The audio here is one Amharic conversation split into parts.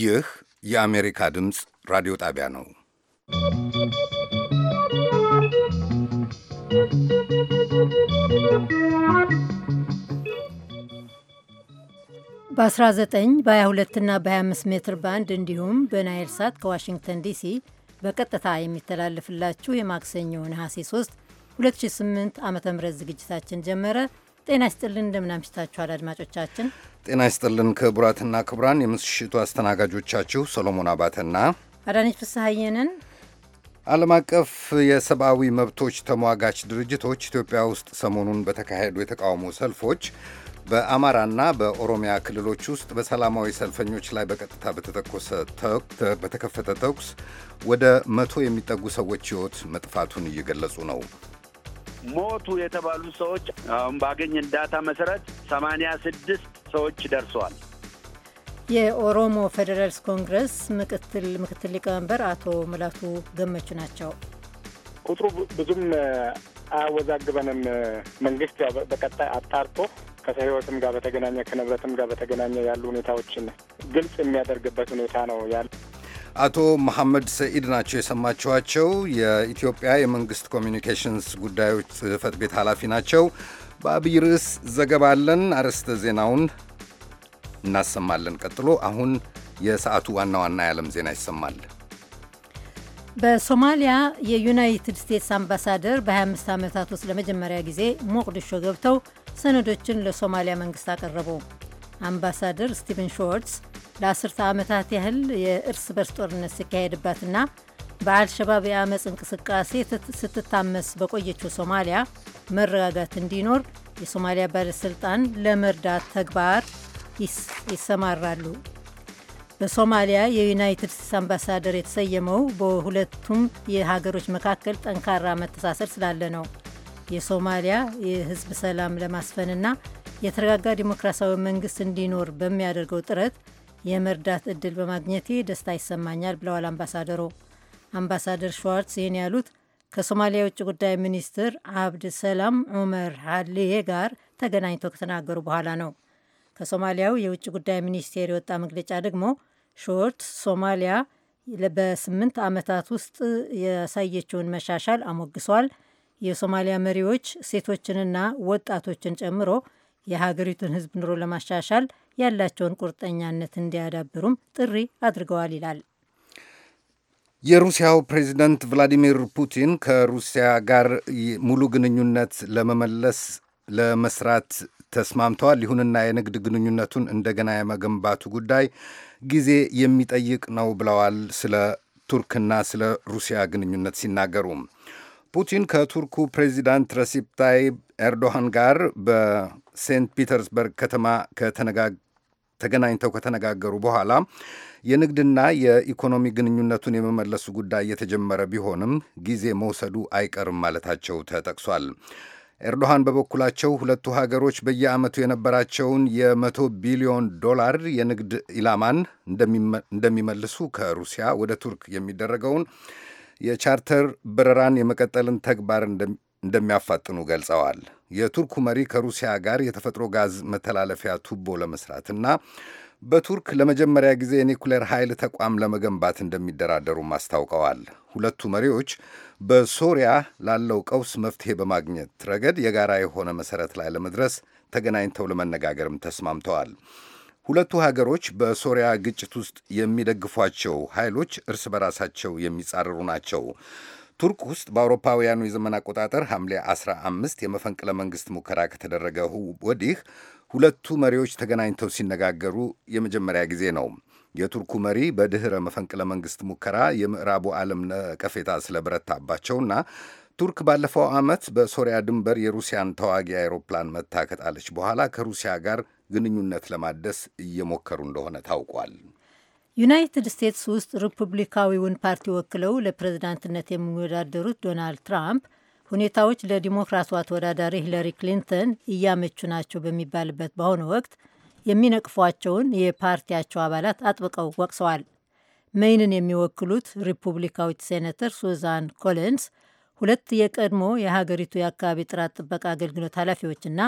ይህ የአሜሪካ ድምፅ ራዲዮ ጣቢያ ነው። በ19 በ22 እና በ25 ሜትር ባንድ እንዲሁም በናይል ሳት ከዋሽንግተን ዲሲ በቀጥታ የሚተላለፍላችሁ የማክሰኞ ነሐሴ 3 2008 ዓ ም ዝግጅታችን ጀመረ። ጤና ይስጥልን እንደምናምሽታችኋል አድማጮቻችን ጤና ይስጥልን ክቡራትና ክቡራን፣ የምሽቱ አስተናጋጆቻችሁ ሰሎሞን አባተና አዳነች ፍስሐየንን። ዓለም አቀፍ የሰብአዊ መብቶች ተሟጋች ድርጅቶች ኢትዮጵያ ውስጥ ሰሞኑን በተካሄዱ የተቃውሞ ሰልፎች በአማራና በኦሮሚያ ክልሎች ውስጥ በሰላማዊ ሰልፈኞች ላይ በቀጥታ በተተኮሰ በተከፈተ ተኩስ ወደ መቶ የሚጠጉ ሰዎች ሕይወት መጥፋቱን እየገለጹ ነው። ሞቱ የተባሉ ሰዎች አሁን ባገኘን ዳታ መሰረት ሰማንያ ስድስት ሰዎች ደርሰዋል። የኦሮሞ ፌዴራልስ ኮንግረስ ምክትል ምክትል ሊቀመንበር አቶ ምላቱ ገመቹ ናቸው። ቁጥሩ ብዙም አያወዛግበንም። መንግስት በቀጣይ አጣርቶ ከህይወትም ጋር በተገናኘ ከንብረትም ጋር በተገናኘ ያሉ ሁኔታዎችን ግልጽ የሚያደርግበት ሁኔታ ነው ያለ አቶ መሐመድ ሰኢድ ናቸው የሰማችኋቸው። የኢትዮጵያ የመንግስት ኮሚኒኬሽንስ ጉዳዮች ጽህፈት ቤት ኃላፊ ናቸው። በአብይ ርዕስ ዘገባ አለን። አርዕስተ ዜናውን እናሰማለን። ቀጥሎ አሁን የሰዓቱ ዋና ዋና የዓለም ዜና ይሰማል። በሶማሊያ የዩናይትድ ስቴትስ አምባሳደር በ25 ዓመታት ውስጥ ለመጀመሪያ ጊዜ ሞቅዲሾ ገብተው ሰነዶችን ለሶማሊያ መንግስት አቀረቡ። አምባሳደር ስቲቨን ሾርትስ ለአስርተ ዓመታት ያህል የእርስ በርስ ጦርነት ሲካሄድባትና በአልሸባብ የአመፅ እንቅስቃሴ ስትታመስ በቆየችው ሶማሊያ መረጋጋት እንዲኖር የሶማሊያ ባለሥልጣን ለመርዳት ተግባር ይሰማራሉ። በሶማሊያ የዩናይትድ ስቴትስ አምባሳደር የተሰየመው በሁለቱም የሀገሮች መካከል ጠንካራ መተሳሰር ስላለ ነው። የሶማሊያ የህዝብ ሰላም ለማስፈንና የተረጋጋ ዲሞክራሲያዊ መንግስት እንዲኖር በሚያደርገው ጥረት የመርዳት እድል በማግኘቴ ደስታ ይሰማኛል ብለዋል አምባሳደሩ። አምባሳደር ሸዋርትስ ይህን ያሉት ከሶማሊያ የውጭ ጉዳይ ሚኒስትር አብድ ሰላም ዑመር ሀሌ ጋር ተገናኝተው ከተናገሩ በኋላ ነው። ከሶማሊያው የውጭ ጉዳይ ሚኒስቴር የወጣ መግለጫ ደግሞ ሾርት ሶማሊያ በስምንት ዓመታት ውስጥ ያሳየችውን መሻሻል አሞግሷል። የሶማሊያ መሪዎች ሴቶችንና ወጣቶችን ጨምሮ የሀገሪቱን ሕዝብ ኑሮ ለማሻሻል ያላቸውን ቁርጠኛነት እንዲያዳብሩም ጥሪ አድርገዋል ይላል። የሩሲያው ፕሬዚደንት ቭላዲሚር ፑቲን ከሩሲያ ጋር ሙሉ ግንኙነት ለመመለስ ለመስራት ተስማምተዋል። ይሁንና የንግድ ግንኙነቱን እንደገና የመገንባቱ ጉዳይ ጊዜ የሚጠይቅ ነው ብለዋል። ስለ ቱርክና ስለ ሩሲያ ግንኙነት ሲናገሩ ፑቲን ከቱርኩ ፕሬዚዳንት ረሲፕ ታይብ ኤርዶሃን ጋር በሴንት ፒተርስበርግ ከተማ ተገናኝተው ከተነጋገሩ በኋላ የንግድና የኢኮኖሚ ግንኙነቱን የመመለሱ ጉዳይ የተጀመረ ቢሆንም ጊዜ መውሰዱ አይቀርም ማለታቸው ተጠቅሷል። ኤርዶሃን በበኩላቸው ሁለቱ ሀገሮች በየዓመቱ የነበራቸውን የመቶ ቢሊዮን ዶላር የንግድ ኢላማን እንደሚመልሱ ከሩሲያ ወደ ቱርክ የሚደረገውን የቻርተር በረራን የመቀጠልን ተግባር እንደሚያፋጥኑ ገልጸዋል። የቱርኩ መሪ ከሩሲያ ጋር የተፈጥሮ ጋዝ መተላለፊያ ቱቦ ለመስራትና በቱርክ ለመጀመሪያ ጊዜ የኒኩሌር ኃይል ተቋም ለመገንባት እንደሚደራደሩም አስታውቀዋል። ሁለቱ መሪዎች በሶሪያ ላለው ቀውስ መፍትሄ በማግኘት ረገድ የጋራ የሆነ መሰረት ላይ ለመድረስ ተገናኝተው ለመነጋገርም ተስማምተዋል። ሁለቱ ሀገሮች በሶሪያ ግጭት ውስጥ የሚደግፏቸው ኃይሎች እርስ በራሳቸው የሚጻረሩ ናቸው። ቱርክ ውስጥ በአውሮፓውያኑ የዘመን አቆጣጠር ሐምሌ 15 የመፈንቅለ መንግሥት ሙከራ ከተደረገ ወዲህ ሁለቱ መሪዎች ተገናኝተው ሲነጋገሩ የመጀመሪያ ጊዜ ነው። የቱርኩ መሪ በድኅረ መፈንቅለ መንግሥት ሙከራ የምዕራቡ ዓለም ነቀፌታ ስለበረታባቸውና ቱርክ ባለፈው ዓመት በሶሪያ ድንበር የሩሲያን ተዋጊ አውሮፕላን መታ ከጣለች በኋላ ከሩሲያ ጋር ግንኙነት ለማደስ እየሞከሩ እንደሆነ ታውቋል። ዩናይትድ ስቴትስ ውስጥ ሪፑብሊካዊውን ፓርቲ ወክለው ለፕሬዝዳንትነት የሚወዳደሩት ዶናልድ ትራምፕ ሁኔታዎች ለዲሞክራቷ ተወዳዳሪ ሂለሪ ክሊንተን እያመቹ ናቸው በሚባልበት በአሁኑ ወቅት የሚነቅፏቸውን የፓርቲያቸው አባላት አጥብቀው ወቅሰዋል። መይንን የሚወክሉት ሪፑብሊካዊት ሴኔተር ሱዛን ኮሊንስ ሁለት የቀድሞ የሀገሪቱ የአካባቢ ጥራት ጥበቃ አገልግሎት ኃላፊዎችና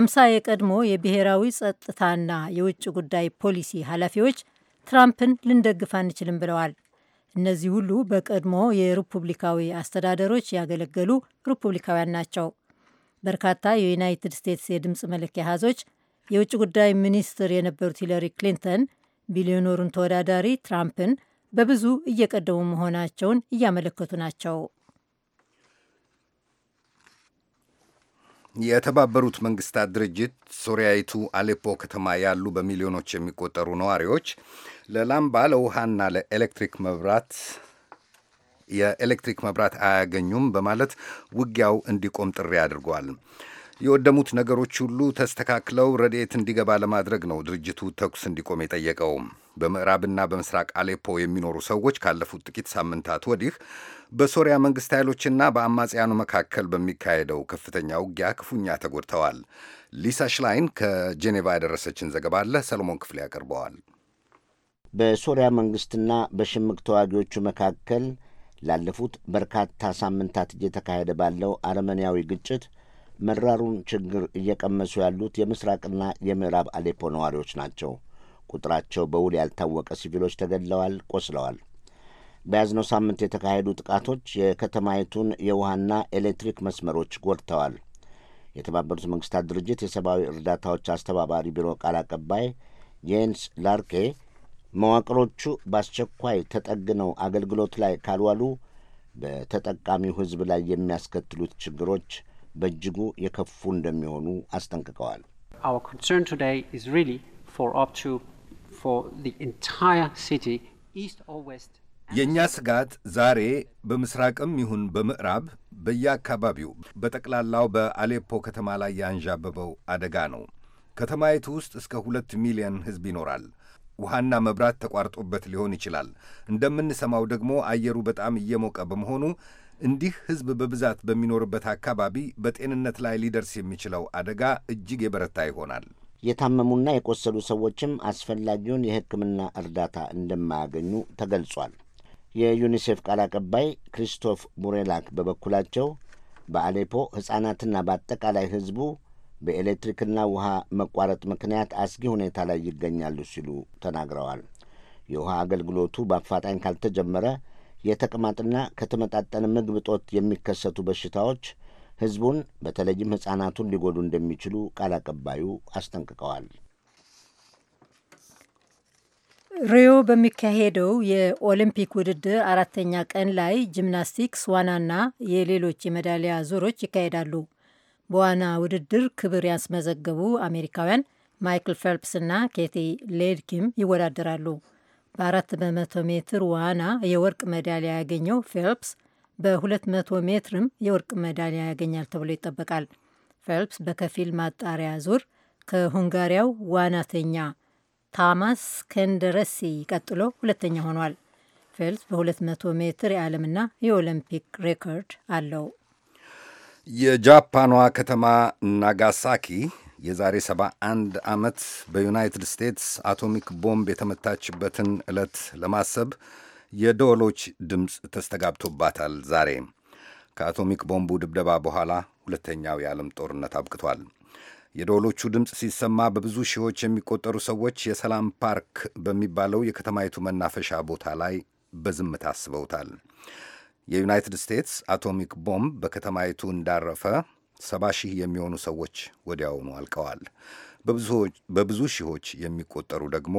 አምሳ የቀድሞ የብሔራዊ ጸጥታና የውጭ ጉዳይ ፖሊሲ ኃላፊዎች ትራምፕን ልንደግፍ አንችልም ብለዋል። እነዚህ ሁሉ በቀድሞ የሪፑብሊካዊ አስተዳደሮች ያገለገሉ ሪፑብሊካውያን ናቸው። በርካታ የዩናይትድ ስቴትስ የድምፅ መለኪያ አሃዞች የውጭ ጉዳይ ሚኒስትር የነበሩት ሂለሪ ክሊንተን ቢሊዮነሩን ተወዳዳሪ ትራምፕን በብዙ እየቀደሙ መሆናቸውን እያመለከቱ ናቸው። የተባበሩት መንግስታት ድርጅት ሶሪያዊቱ አሌፖ ከተማ ያሉ በሚሊዮኖች የሚቆጠሩ ነዋሪዎች ለላምባ ለውሃና ለኤሌክትሪክ መብራት የኤሌክትሪክ መብራት አያገኙም በማለት ውጊያው እንዲቆም ጥሪ አድርጓል። የወደሙት ነገሮች ሁሉ ተስተካክለው ረድኤት እንዲገባ ለማድረግ ነው ድርጅቱ ተኩስ እንዲቆም የጠየቀው። በምዕራብና በምስራቅ አሌፖ የሚኖሩ ሰዎች ካለፉት ጥቂት ሳምንታት ወዲህ በሶሪያ መንግሥት ኃይሎችና በአማጽያኑ መካከል በሚካሄደው ከፍተኛ ውጊያ ክፉኛ ተጎድተዋል። ሊሳ ሽላይን ከጄኔቫ ያደረሰችን ዘገባ አለ። ሰሎሞን ክፍሌ ያቀርበዋል። በሶሪያ መንግሥትና በሽምቅ ተዋጊዎቹ መካከል ላለፉት በርካታ ሳምንታት እየተካሄደ ባለው አረመኔያዊ ግጭት መራሩን ችግር እየቀመሱ ያሉት የምስራቅና የምዕራብ አሌፖ ነዋሪዎች ናቸው። ቁጥራቸው በውል ያልታወቀ ሲቪሎች ተገድለዋል፣ ቆስለዋል። በያዝነው ሳምንት የተካሄዱ ጥቃቶች የከተማይቱን የውሃና ኤሌክትሪክ መስመሮች ጎድተዋል። የተባበሩት መንግስታት ድርጅት የሰብአዊ እርዳታዎች አስተባባሪ ቢሮ ቃል አቀባይ ጄንስ ላርኬ መዋቅሮቹ በአስቸኳይ ተጠግነው አገልግሎት ላይ ካልዋሉ በተጠቃሚው ሕዝብ ላይ የሚያስከትሉት ችግሮች በእጅጉ የከፉ እንደሚሆኑ አስጠንቅቀዋል። የእኛ ስጋት ዛሬ በምስራቅም ይሁን በምዕራብ በየአካባቢው በጠቅላላው በአሌፖ ከተማ ላይ ያንዣበበው አደጋ ነው። ከተማይቱ ውስጥ እስከ ሁለት ሚሊዮን ሕዝብ ይኖራል። ውሃና መብራት ተቋርጦበት ሊሆን ይችላል። እንደምንሰማው ደግሞ አየሩ በጣም እየሞቀ በመሆኑ እንዲህ ሕዝብ በብዛት በሚኖርበት አካባቢ በጤንነት ላይ ሊደርስ የሚችለው አደጋ እጅግ የበረታ ይሆናል። የታመሙና የቆሰሉ ሰዎችም አስፈላጊውን የሕክምና እርዳታ እንደማያገኙ ተገልጿል። የዩኒሴፍ ቃል አቀባይ ክሪስቶፍ ሙሬላክ በበኩላቸው በአሌፖ ሕፃናትና በአጠቃላይ ሕዝቡ በኤሌክትሪክና ውሃ መቋረጥ ምክንያት አስጊ ሁኔታ ላይ ይገኛሉ ሲሉ ተናግረዋል። የውሃ አገልግሎቱ በአፋጣኝ ካልተጀመረ የተቅማጥና ከተመጣጠነ ምግብ እጦት የሚከሰቱ በሽታዎች ሕዝቡን በተለይም ሕፃናቱን ሊጎዱ እንደሚችሉ ቃል አቀባዩ አስጠንቅቀዋል። ሪዮ በሚካሄደው የኦሊምፒክ ውድድር አራተኛ ቀን ላይ ጂምናስቲክስ፣ ዋናና የሌሎች የሜዳሊያ ዙሮች ይካሄዳሉ። በዋና ውድድር ክብር ያስመዘገቡ አሜሪካውያን ማይክል ፌልፕስ እና ኬቲ ሌድኪም ይወዳደራሉ። በአራት በመቶ ሜትር ዋና የወርቅ ሜዳሊያ ያገኘው ፌልፕስ በ200 ሜትርም የወርቅ ሜዳሊያ ያገኛል ተብሎ ይጠበቃል። ፌልፕስ በከፊል ማጣሪያ ዙር ከሁንጋሪያው ዋናተኛ ታማስ ከንደረሲ ቀጥሎ ሁለተኛ ሆኗል። ፌልፕስ በ200 ሜትር የዓለምና የኦሎምፒክ ሬኮርድ አለው። የጃፓኗ ከተማ ናጋሳኪ የዛሬ 71 ዓመት በዩናይትድ ስቴትስ አቶሚክ ቦምብ የተመታችበትን ዕለት ለማሰብ የደወሎች ድምፅ ተስተጋብቶባታል። ዛሬ ከአቶሚክ ቦምቡ ድብደባ በኋላ ሁለተኛው የዓለም ጦርነት አብቅቷል። የደወሎቹ ድምፅ ሲሰማ በብዙ ሺዎች የሚቆጠሩ ሰዎች የሰላም ፓርክ በሚባለው የከተማይቱ መናፈሻ ቦታ ላይ በዝምታ አስበውታል። የዩናይትድ ስቴትስ አቶሚክ ቦምብ በከተማይቱ እንዳረፈ ሰባ ሺህ የሚሆኑ ሰዎች ወዲያውኑ አልቀዋል። በብዙ ሺዎች የሚቆጠሩ ደግሞ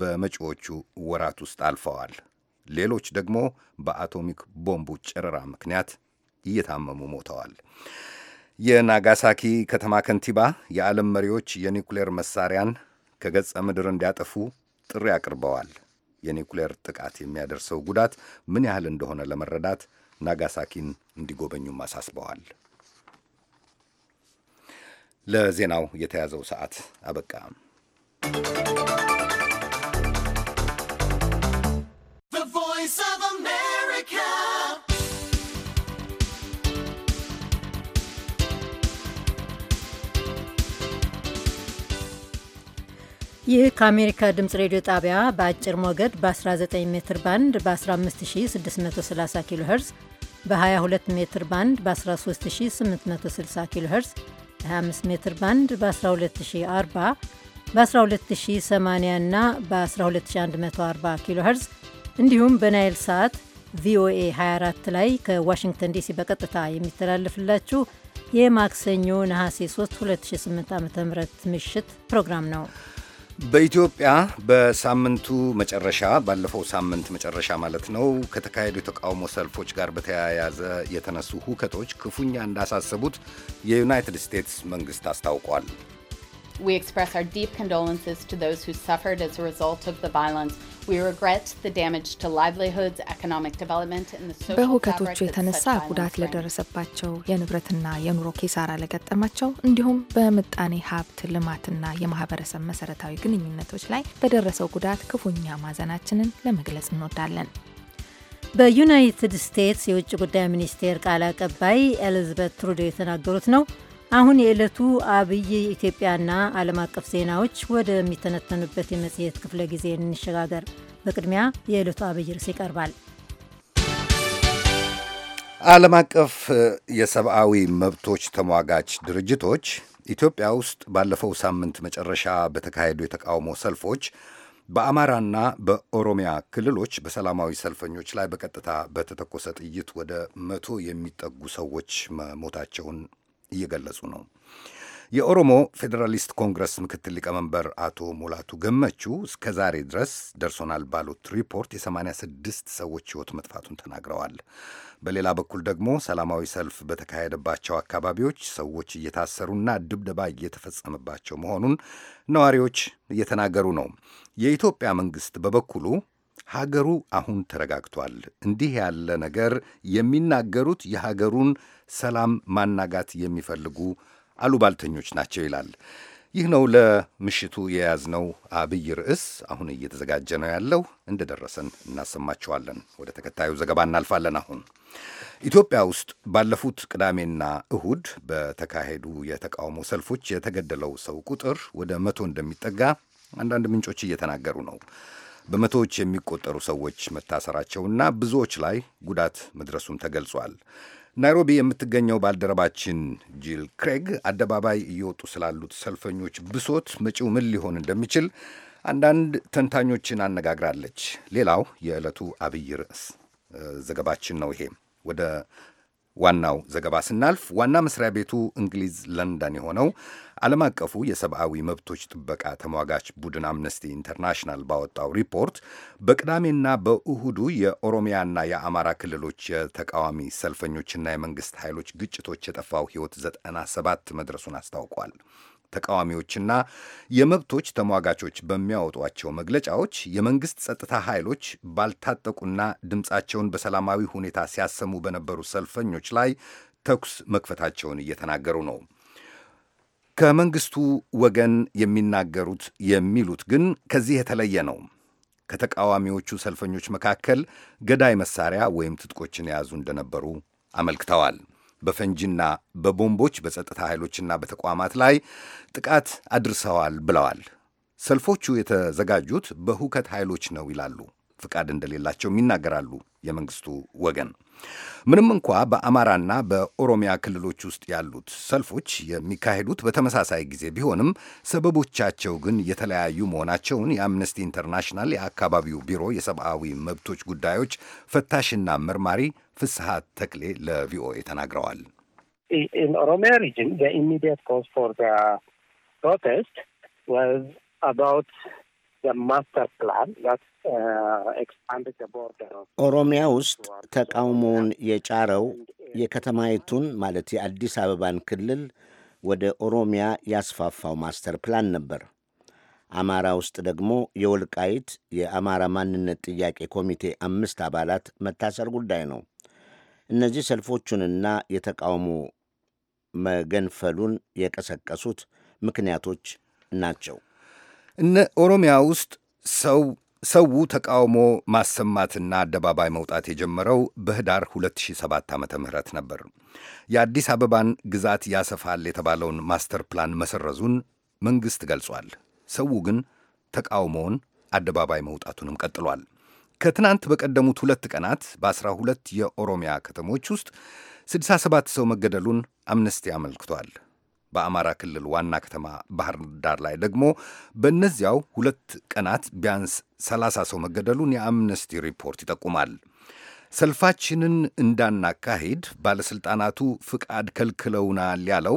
በመጪዎቹ ወራት ውስጥ አልፈዋል። ሌሎች ደግሞ በአቶሚክ ቦምቡ ጨረራ ምክንያት እየታመሙ ሞተዋል። የናጋሳኪ ከተማ ከንቲባ የዓለም መሪዎች የኒውክሌር መሳሪያን ከገጸ ምድር እንዲያጠፉ ጥሪ አቅርበዋል። የኒውክሌር ጥቃት የሚያደርሰው ጉዳት ምን ያህል እንደሆነ ለመረዳት ናጋሳኪን እንዲጎበኙም አሳስበዋል። ለዜናው የተያዘው ሰዓት አበቃ። ይህ ከአሜሪካ ድምፅ ሬዲዮ ጣቢያ በአጭር ሞገድ በ19 ሜትር ባንድ በ15630 ኪሎ ሄርዝ በ22 ሜትር ባንድ በ13860 ኪሎ ሄርዝ በ25 ሜትር ባንድ በ 1240 በ12080 እና በ12140 ኪሎ ሄርዝ እንዲሁም በናይል ሰዓት ቪኦኤ 24 ላይ ከዋሽንግተን ዲሲ በቀጥታ የሚተላለፍላችሁ የማክሰኞ ነሐሴ 3 2008 ዓ.ም ምሽት ፕሮግራም ነው። በኢትዮጵያ በሳምንቱ መጨረሻ ባለፈው ሳምንት መጨረሻ ማለት ነው ከተካሄዱ የተቃውሞ ሰልፎች ጋር በተያያዘ የተነሱ ሁከቶች ክፉኛ እንዳሳሰቡት የዩናይትድ ስቴትስ መንግስት አስታውቋል። We express our deep condolences to those who suffered as a result of the violence. በሁከቶቹ የተነሳ ጉዳት ለደረሰባቸው የንብረትና የኑሮ ኪሳራ ለገጠማቸው እንዲሁም በምጣኔ ሀብት ልማትና የማህበረሰብ መሰረታዊ ግንኙነቶች ላይ በደረሰው ጉዳት ክፉኛ ማዘናችንን ለመግለጽ እንወዳለን። በዩናይትድ ስቴትስ የውጭ ጉዳይ ሚኒስቴር ቃል አቀባይ ኤሊዝበት ትሩዶ የተናገሩት ነው። አሁን የዕለቱ አብይ ኢትዮጵያና ዓለም አቀፍ ዜናዎች ወደሚተነተኑበት የመጽሔት ክፍለ ጊዜ እንሸጋገር። በቅድሚያ የዕለቱ አብይ ርዕስ ይቀርባል። ዓለም አቀፍ የሰብአዊ መብቶች ተሟጋች ድርጅቶች ኢትዮጵያ ውስጥ ባለፈው ሳምንት መጨረሻ በተካሄዱ የተቃውሞ ሰልፎች በአማራና በኦሮሚያ ክልሎች በሰላማዊ ሰልፈኞች ላይ በቀጥታ በተተኮሰ ጥይት ወደ መቶ የሚጠጉ ሰዎች መሞታቸውን እየገለጹ ነው። የኦሮሞ ፌዴራሊስት ኮንግረስ ምክትል ሊቀመንበር አቶ ሙላቱ ገመቹ እስከ ዛሬ ድረስ ደርሶናል ባሉት ሪፖርት የ86 ሰዎች ሕይወት መጥፋቱን ተናግረዋል። በሌላ በኩል ደግሞ ሰላማዊ ሰልፍ በተካሄደባቸው አካባቢዎች ሰዎች እየታሰሩና ድብደባ እየተፈጸመባቸው መሆኑን ነዋሪዎች እየተናገሩ ነው። የኢትዮጵያ መንግሥት በበኩሉ ሀገሩ አሁን ተረጋግቷል። እንዲህ ያለ ነገር የሚናገሩት የሀገሩን ሰላም ማናጋት የሚፈልጉ አሉባልተኞች ናቸው ይላል። ይህ ነው ለምሽቱ የያዝነው አብይ ርዕስ። አሁን እየተዘጋጀ ነው ያለው። እንደደረሰን እናሰማችኋለን። ወደ ተከታዩ ዘገባ እናልፋለን። አሁን ኢትዮጵያ ውስጥ ባለፉት ቅዳሜና እሁድ በተካሄዱ የተቃውሞ ሰልፎች የተገደለው ሰው ቁጥር ወደ መቶ እንደሚጠጋ አንዳንድ ምንጮች እየተናገሩ ነው። በመቶዎች የሚቆጠሩ ሰዎች መታሰራቸውና ብዙዎች ላይ ጉዳት መድረሱም ተገልጿል። ናይሮቢ የምትገኘው ባልደረባችን ጂል ክሬግ አደባባይ እየወጡ ስላሉት ሰልፈኞች ብሶት መጪው ምን ሊሆን እንደሚችል አንዳንድ ተንታኞችን አነጋግራለች። ሌላው የዕለቱ አብይ ርዕስ ዘገባችን ነው። ይሄ ወደ ዋናው ዘገባ ስናልፍ ዋና መስሪያ ቤቱ እንግሊዝ ለንደን የሆነው ዓለም አቀፉ የሰብአዊ መብቶች ጥበቃ ተሟጋች ቡድን አምነስቲ ኢንተርናሽናል ባወጣው ሪፖርት በቅዳሜና በእሁዱ የኦሮሚያና የአማራ ክልሎች የተቃዋሚ ሰልፈኞችና የመንግስት ኃይሎች ግጭቶች የጠፋው ሕይወት ዘጠና ሰባት መድረሱን አስታውቋል። ተቃዋሚዎችና የመብቶች ተሟጋቾች በሚያወጧቸው መግለጫዎች የመንግሥት ጸጥታ ኃይሎች ባልታጠቁና ድምፃቸውን በሰላማዊ ሁኔታ ሲያሰሙ በነበሩ ሰልፈኞች ላይ ተኩስ መክፈታቸውን እየተናገሩ ነው። ከመንግስቱ ወገን የሚናገሩት የሚሉት ግን ከዚህ የተለየ ነው። ከተቃዋሚዎቹ ሰልፈኞች መካከል ገዳይ መሳሪያ ወይም ትጥቆችን የያዙ እንደነበሩ አመልክተዋል። በፈንጂና በቦምቦች በጸጥታ ኃይሎችና በተቋማት ላይ ጥቃት አድርሰዋል ብለዋል። ሰልፎቹ የተዘጋጁት በሁከት ኃይሎች ነው ይላሉ። ፍቃድ እንደሌላቸውም ይናገራሉ የመንግስቱ ወገን። ምንም እንኳ በአማራና በኦሮሚያ ክልሎች ውስጥ ያሉት ሰልፎች የሚካሄዱት በተመሳሳይ ጊዜ ቢሆንም ሰበቦቻቸው ግን የተለያዩ መሆናቸውን የአምነስቲ ኢንተርናሽናል የአካባቢው ቢሮ የሰብአዊ መብቶች ጉዳዮች ፈታሽና መርማሪ ፍስሐ ተክሌ ለቪኦኤ ተናግረዋል። ኦሮሚያ ሪጅን ኢሚዲየት ኮዝ ፎር ፕሮቴስት አባውት ማስተር ኦሮሚያ ውስጥ ተቃውሞውን የጫረው የከተማይቱን ማለት የአዲስ አበባን ክልል ወደ ኦሮሚያ ያስፋፋው ማስተር ፕላን ነበር። አማራ ውስጥ ደግሞ የወልቃይት የአማራ ማንነት ጥያቄ ኮሚቴ አምስት አባላት መታሰር ጉዳይ ነው። እነዚህ ሰልፎቹንና የተቃውሞ መገንፈሉን የቀሰቀሱት ምክንያቶች ናቸው። እነ ኦሮሚያ ውስጥ ሰው ሰው ተቃውሞ ማሰማትና አደባባይ መውጣት የጀመረው በህዳር 2007 ዓ ም ነበር። የአዲስ አበባን ግዛት ያሰፋል የተባለውን ማስተር ፕላን መሰረዙን መንግሥት ገልጿል። ሰው ግን ተቃውሞውን አደባባይ መውጣቱንም ቀጥሏል። ከትናንት በቀደሙት ሁለት ቀናት በአስራ ሁለት የኦሮሚያ ከተሞች ውስጥ 67 ሰው መገደሉን አምነስቲ አመልክቷል። በአማራ ክልል ዋና ከተማ ባህር ዳር ላይ ደግሞ በእነዚያው ሁለት ቀናት ቢያንስ 30 ሰው መገደሉን የአምነስቲ ሪፖርት ይጠቁማል። ሰልፋችንን እንዳናካሂድ ባለሥልጣናቱ ፍቃድ ከልክለውናል ያለው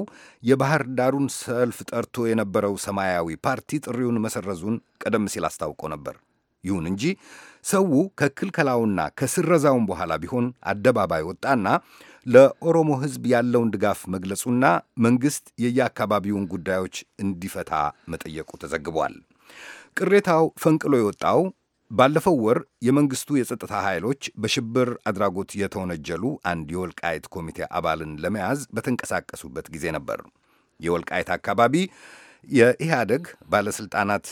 የባህር ዳሩን ሰልፍ ጠርቶ የነበረው ሰማያዊ ፓርቲ ጥሪውን መሰረዙን ቀደም ሲል አስታውቆ ነበር። ይሁን እንጂ ሰው ከክልከላውና ከስረዛውን በኋላ ቢሆን አደባባይ ወጣና ለኦሮሞ ሕዝብ ያለውን ድጋፍ መግለጹና መንግሥት የየአካባቢውን ጉዳዮች እንዲፈታ መጠየቁ ተዘግቧል። ቅሬታው ፈንቅሎ የወጣው ባለፈው ወር የመንግስቱ የጸጥታ ኃይሎች በሽብር አድራጎት የተወነጀሉ አንድ የወልቃይት ኮሚቴ አባልን ለመያዝ በተንቀሳቀሱበት ጊዜ ነበር። የወልቃይት አካባቢ የኢህአደግ ባለሥልጣናት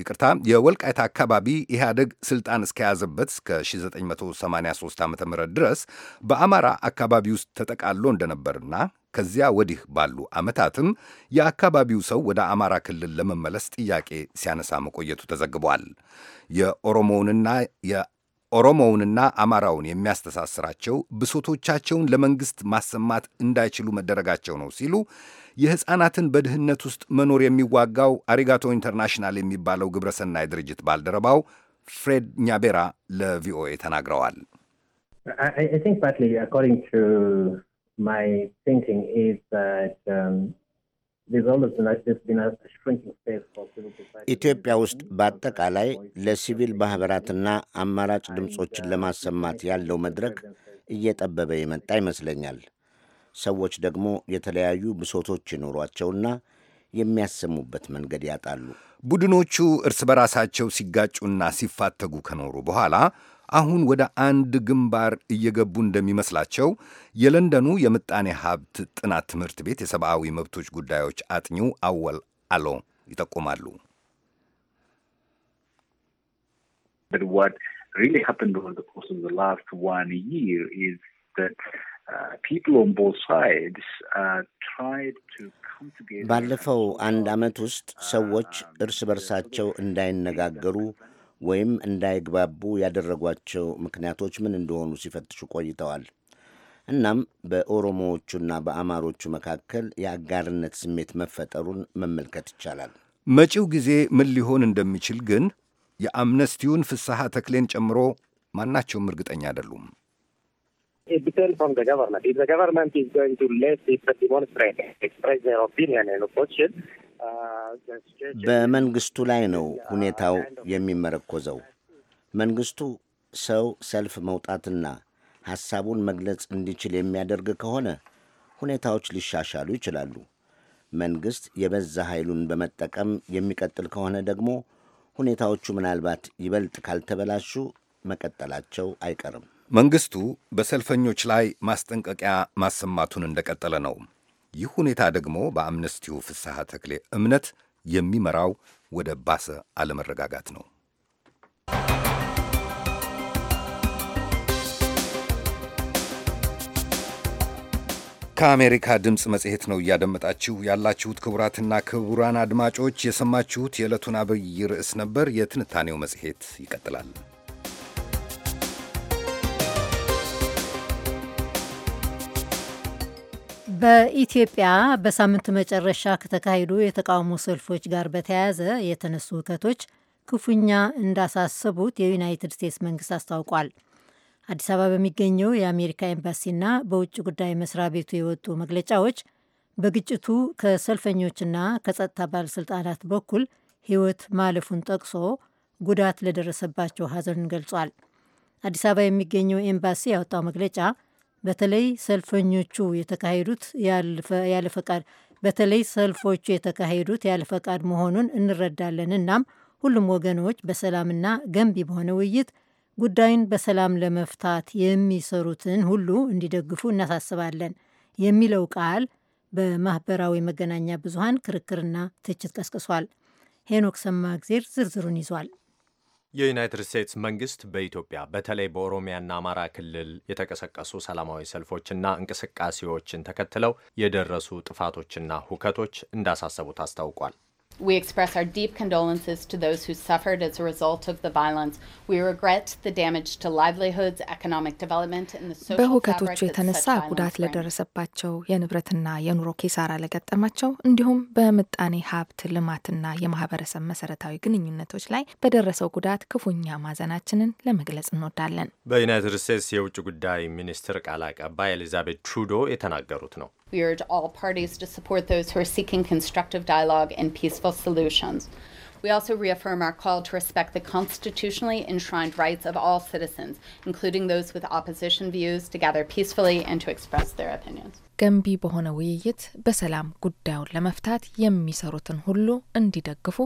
ይቅርታ የወልቃይት አካባቢ ኢህአደግ ስልጣን እስከያዘበት እስከ 1983 ዓ ም ድረስ በአማራ አካባቢ ውስጥ ተጠቃሎ እንደነበርና ከዚያ ወዲህ ባሉ ዓመታትም የአካባቢው ሰው ወደ አማራ ክልል ለመመለስ ጥያቄ ሲያነሳ መቆየቱ ተዘግቧል። የኦሮሞውንና ኦሮሞውንና አማራውን የሚያስተሳስራቸው ብሶቶቻቸውን ለመንግሥት ማሰማት እንዳይችሉ መደረጋቸው ነው ሲሉ የሕፃናትን በድህነት ውስጥ መኖር የሚዋጋው አሪጋቶ ኢንተርናሽናል የሚባለው ግብረሰናይ ድርጅት ባልደረባው ፍሬድ ኛቤራ ለቪኦኤ ተናግረዋል። ኢትዮጵያ ውስጥ በአጠቃላይ ለሲቪል ማኅበራትና አማራጭ ድምፆችን ለማሰማት ያለው መድረክ እየጠበበ የመጣ ይመስለኛል። ሰዎች ደግሞ የተለያዩ ብሶቶች ይኖሯቸውና የሚያሰሙበት መንገድ ያጣሉ። ቡድኖቹ እርስ በራሳቸው ሲጋጩና ሲፋተጉ ከኖሩ በኋላ አሁን ወደ አንድ ግንባር እየገቡ እንደሚመስላቸው የለንደኑ የምጣኔ ሀብት ጥናት ትምህርት ቤት የሰብአዊ መብቶች ጉዳዮች አጥኚው አወል አሎ ይጠቁማሉ። uh, uh, ባለፈው አንድ ዓመት ውስጥ ሰዎች uh, እርስ በርሳቸው እንዳይነጋገሩ ወይም እንዳይግባቡ ያደረጓቸው ምክንያቶች ምን እንደሆኑ ሲፈትሹ ቆይተዋል። እናም በኦሮሞዎቹና በአማሮቹ መካከል የአጋርነት ስሜት መፈጠሩን መመልከት ይቻላል። መጪው ጊዜ ምን ሊሆን እንደሚችል ግን የአምነስቲውን ፍስሐ ተክሌን ጨምሮ ማናቸውም እርግጠኛ አይደሉም። በመንግስቱ ላይ ነው ሁኔታው የሚመረኮዘው። መንግስቱ ሰው ሰልፍ መውጣትና ሐሳቡን መግለጽ እንዲችል የሚያደርግ ከሆነ ሁኔታዎች ሊሻሻሉ ይችላሉ። መንግሥት የበዛ ኃይሉን በመጠቀም የሚቀጥል ከሆነ ደግሞ ሁኔታዎቹ ምናልባት ይበልጥ ካልተበላሹ መቀጠላቸው አይቀርም። መንግሥቱ በሰልፈኞች ላይ ማስጠንቀቂያ ማሰማቱን እንደቀጠለ ነው። ይህ ሁኔታ ደግሞ በአምነስቲው ፍስሐ ተክሌ እምነት የሚመራው ወደ ባሰ አለመረጋጋት ነው። ከአሜሪካ ድምፅ መጽሔት ነው እያደመጣችሁ ያላችሁት። ክቡራትና ክቡራን አድማጮች የሰማችሁት የዕለቱን አብይ ርዕስ ነበር። የትንታኔው መጽሔት ይቀጥላል። በኢትዮጵያ በሳምንት መጨረሻ ከተካሄዱ የተቃውሞ ሰልፎች ጋር በተያያዘ የተነሱ ሁከቶች ክፉኛ እንዳሳሰቡት የዩናይትድ ስቴትስ መንግስት አስታውቋል። አዲስ አበባ በሚገኘው የአሜሪካ ኤምባሲና በውጭ ጉዳይ መስሪያ ቤቱ የወጡ መግለጫዎች በግጭቱ ከሰልፈኞችና ከጸጥታ ባለሥልጣናት በኩል ሕይወት ማለፉን ጠቅሶ ጉዳት ለደረሰባቸው ሐዘኑን ገልጿል። አዲስ አበባ የሚገኘው ኤምባሲ ያወጣው መግለጫ በተለይ ሰልፈኞቹ የተካሄዱት ያለ ፈቃድ በተለይ ሰልፎቹ የተካሄዱት ያለ ፈቃድ መሆኑን እንረዳለን። እናም ሁሉም ወገኖች በሰላምና ገንቢ በሆነ ውይይት ጉዳዩን በሰላም ለመፍታት የሚሰሩትን ሁሉ እንዲደግፉ እናሳስባለን የሚለው ቃል በማህበራዊ መገናኛ ብዙሃን ክርክርና ትችት ቀስቅሷል። ሄኖክ ሰማእግዜር ዝርዝሩን ይዟል። የዩናይትድ ስቴትስ መንግስት በኢትዮጵያ በተለይ በኦሮሚያና አማራ ክልል የተቀሰቀሱ ሰላማዊ ሰልፎችና እንቅስቃሴዎችን ተከትለው የደረሱ ጥፋቶችና ሁከቶች እንዳሳሰቡት አስታውቋል። We express our deep condolences to those who suffered as a result of the violence. We regret the damage to livelihoods, economic development and the social በሁከቶቹ የተነሳ ጉዳት ለደረሰባቸው የንብረትና የኑሮ ኪሳራ ለገጠማቸው እንዲሁም በምጣኔ ሀብት ልማትና የማህበረሰብ መሰረታዊ ግንኙነቶች ላይ በደረሰው ጉዳት ክፉኛ ማዘናችንን ለመግለጽ እንወዳለን። በዩናይትድ ስቴትስ የውጭ ጉዳይ ሚኒስትር ቃል አቀባይ ኤሊዛቤት ትሩዶ የተናገሩት ነው። We urge all parties to support those who are seeking constructive dialogue and peaceful solutions. We also reaffirm our call to respect the constitutionally enshrined rights of all citizens, including those with opposition views, to gather peacefully and to express their opinions. ገንቢ በሆነ ውይይት በሰላም ጉዳዩን ለመፍታት የሚሰሩትን ሁሉ እንዲደግፉ